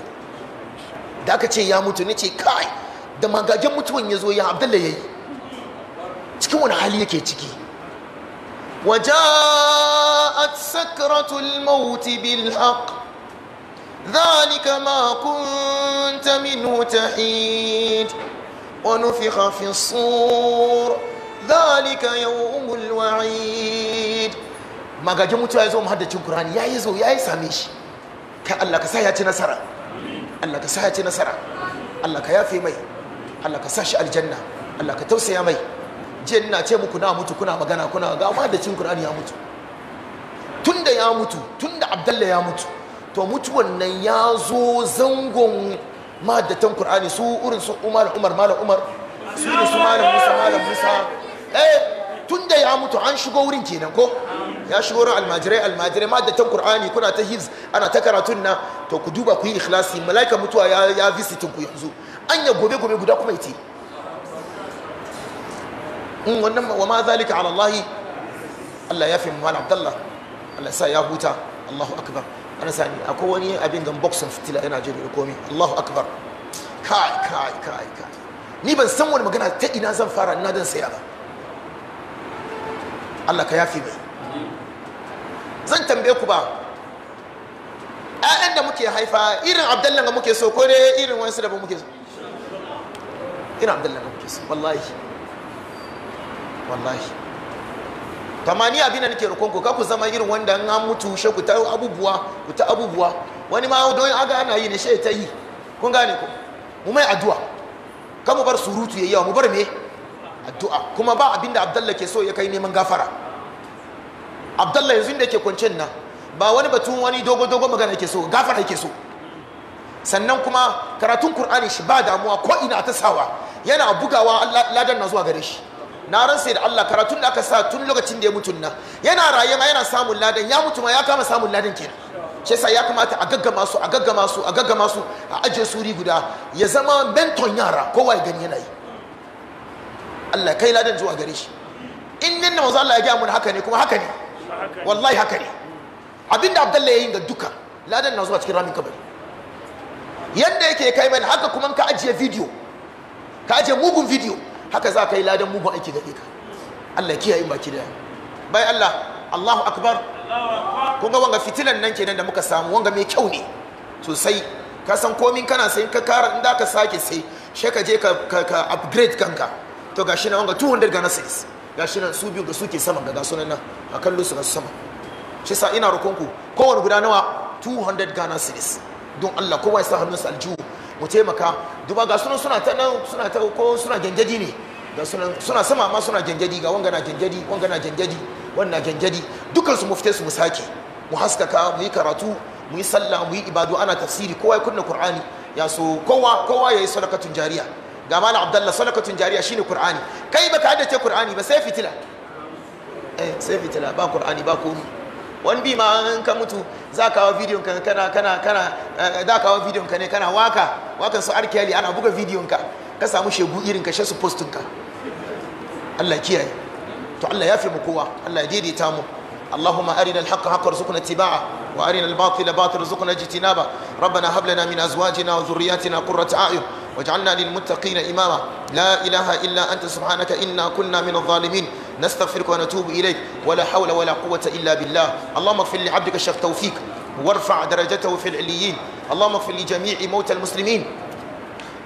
da aka ce ya mutu ce kai da magajen mutuwan ya zo ya abdullahi ya yi cikin wani hali yake ciki وجاءت سكرة الموت بالحق ذلك ما كنت منه تحيد ونفخ في mutuwa ya zo mahaddacin Qur'ani ya yi zo ya yi same shi kai Allah ka sa ya ci nasara Allah ka sa ya ci nasara Allah ka yafe mai Allah ka sa shi aljanna Allah ka tausaya mai jiya ina ce muku na mutu kuna magana kuna ga ma da cin Qur'ani ya mutu tunda ya mutu tunda Abdalla ya mutu to mutuwan nan ya zo zangon mahaddatan Qur'ani su urin su Umar Umar Malam Umar su ne su Malam Musa Malam Musa eh tunda ya mutu an shigo wurin kenan ko ya shigo wurin almajirai almajirai madatan qur'ani kuna ta hiz ana ta karatun na to ku duba ku yi ikhlasi malaika mutuwa ya ya visitin ku yanzu anya gobe gobe guda kuma iti. in mm, wannan wa ma zalika ala Allah Allah ya fi mal abdallah Allah sa ya huta Allahu akbar ana sani akwai wani abin gan boxing fitila yana jere da komi Allahu akbar kai kai kai kai ni ban san wani magana ta ina zan fara ina dan saya ba Allah ka yafi mai zan tambaye ku ba ‘ya'yan da muke haifa irin abdallah ga muke so ko ne irin wani da muke so ina abdullahi mabkis wallahi wallahi kama ni abin da nake rokon ku ku zama irin wanda an an mutu she ku ta abubuwa ku ta abubuwa wani ma don aga ana yi ne she ta yi kun gane ku mu mai addu'a kan mu bar surutu yayi mu bar me addu'a kuma ba abin da abdullahi ke so ya kai neman gafara abdullahi yanzu da yake kwancen nan ba wani batun wani dogo dogo magana yake so gafara yake so sannan kuma karatun qur'ani shi ba damuwa ko ina ta sawa yana bugawa ladan na zuwa gare shi na ran sai da Allah karatun da aka sa tun lokacin da ya mutu na yana raye ma yana samun ladan ya mutu ma ya kama samun ladan kenan shi yasa ya kamata a gaggama su a gaggama su a gaggama su a aje suri guda ya zama benton yara kowa ya gani yana yi Allah kai ladan zuwa gare shi in nan da manzo Allah ya ga mun haka ne kuma haka ne wallahi haka ne abinda Abdullahi ya yi ga duka ladan na zuwa cikin ramin kabari yadda yake kai mana haka kuma ka ajiye video ka ajiye mugun video haka za ka yi ladan mugun aiki ga ka Allah kiyaye baki da bai Allah Allahu akbar kun ga wanga fitilan nan kenan da muka samu wanga mai kyau ne sosai ka san komin kana sai ka kara in da ka sake sai she ka je ka upgrade kanka to gashi nan wanga 200 ga nasis gashi nan su biyu ga suke sama ga sunan nan a kallo su ga sama shi sa ina rokonku kowane guda nawa 200 ga nasis don Allah kowa ya sa hannunsa aljihu mu taimaka duba ga sunan suna ta nan suna ta ko suna janjadi ne ga sunan suna sama amma suna janjadi ga wanga na janjadi wanga na janjadi wannan janjadi dukkan su mufte su mu sake mu haskaka mu yi karatu mu yi sallah mu yi ibadu ana tafsiri kowa ya kunna qur'ani ya so kowa kowa yayi sadakatun jariya ga malam abdullahi sadakatun jariya shine qur'ani kai baka haddace qur'ani ba sai fitila eh sai fitila ba qur'ani ba komai wani bi ma in ka mutu za ka hawa bidiyon ka kana kana kana eh, za ka hawa ka ne kana waka wakan su arkeli ana buga vidiyon ka ka samu shegu irin ka shasu postin ka Allah kiyaye to Allah ya fi mu kowa Allah ya daidaita mu اللهم أرنا الحق حقا وارزقنا اتباعه وأرنا batila باطل ارزقنا اجتنابه ربنا هب لنا من أزواجنا وذرياتنا قرة أعين واجعلنا للمتقين إماما لا إله إلا أنت سبحانك إنا كنا من الظالمين نستغفرك ونتوب إليك ولا حول ولا قوة إلا بالله اللهم اغفر لعبدك الشيخ توفيق وارفع درجته في العليين اللهم اغفر لجميع موتى المسلمين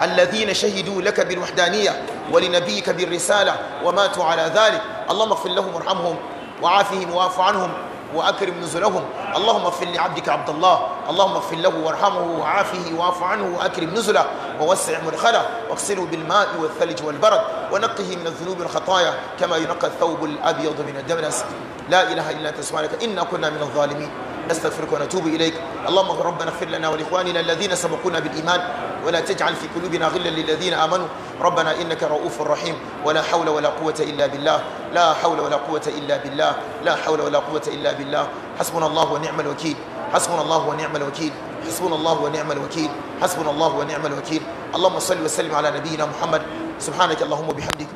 الذين شهدوا لك بالوحدانية ولنبيك بالرسالة وماتوا على ذلك اللهم اغفر لهم وارحمهم وعافهم وعاف عنهم وأكرم نزلهم اللهم اغفر لعبدك عبد الله اللهم اغفر له وارحمه وعافه واعف عنه وأكرم نزله ووسع مدخله واغسله بالماء والثلج والبرد ونقه من الذنوب والخطايا كما ينقى الثوب الأبيض من الدنس لا إله إلا أنت سبحانك إنا كنا من الظالمين نستغفرك ونتوب إليك اللهم ربنا اغفر لنا ولإخواننا الذين سبقونا بالإيمان ولا تجعل في قلوبنا غلا للذين آمنوا ربنا إنك رؤوف رحيم ولا حول ولا قوة إلا بالله لا حول ولا قوة إلا بالله لا حول ولا قوة إلا بالله حسبنا الله ونعم الوكيل حسبنا الله ونعم الوكيل حسبنا الله ونعم الوكيل حسبنا الله ونعم الوكيل اللهم صل وسلم على نبينا محمد سبحانك اللهم وبحمدك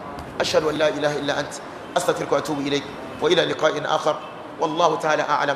أشهد أن لا إله إلا أنت أستغفرك وأتوب إليك وإلى لقاء آخر والله تعالى أعلم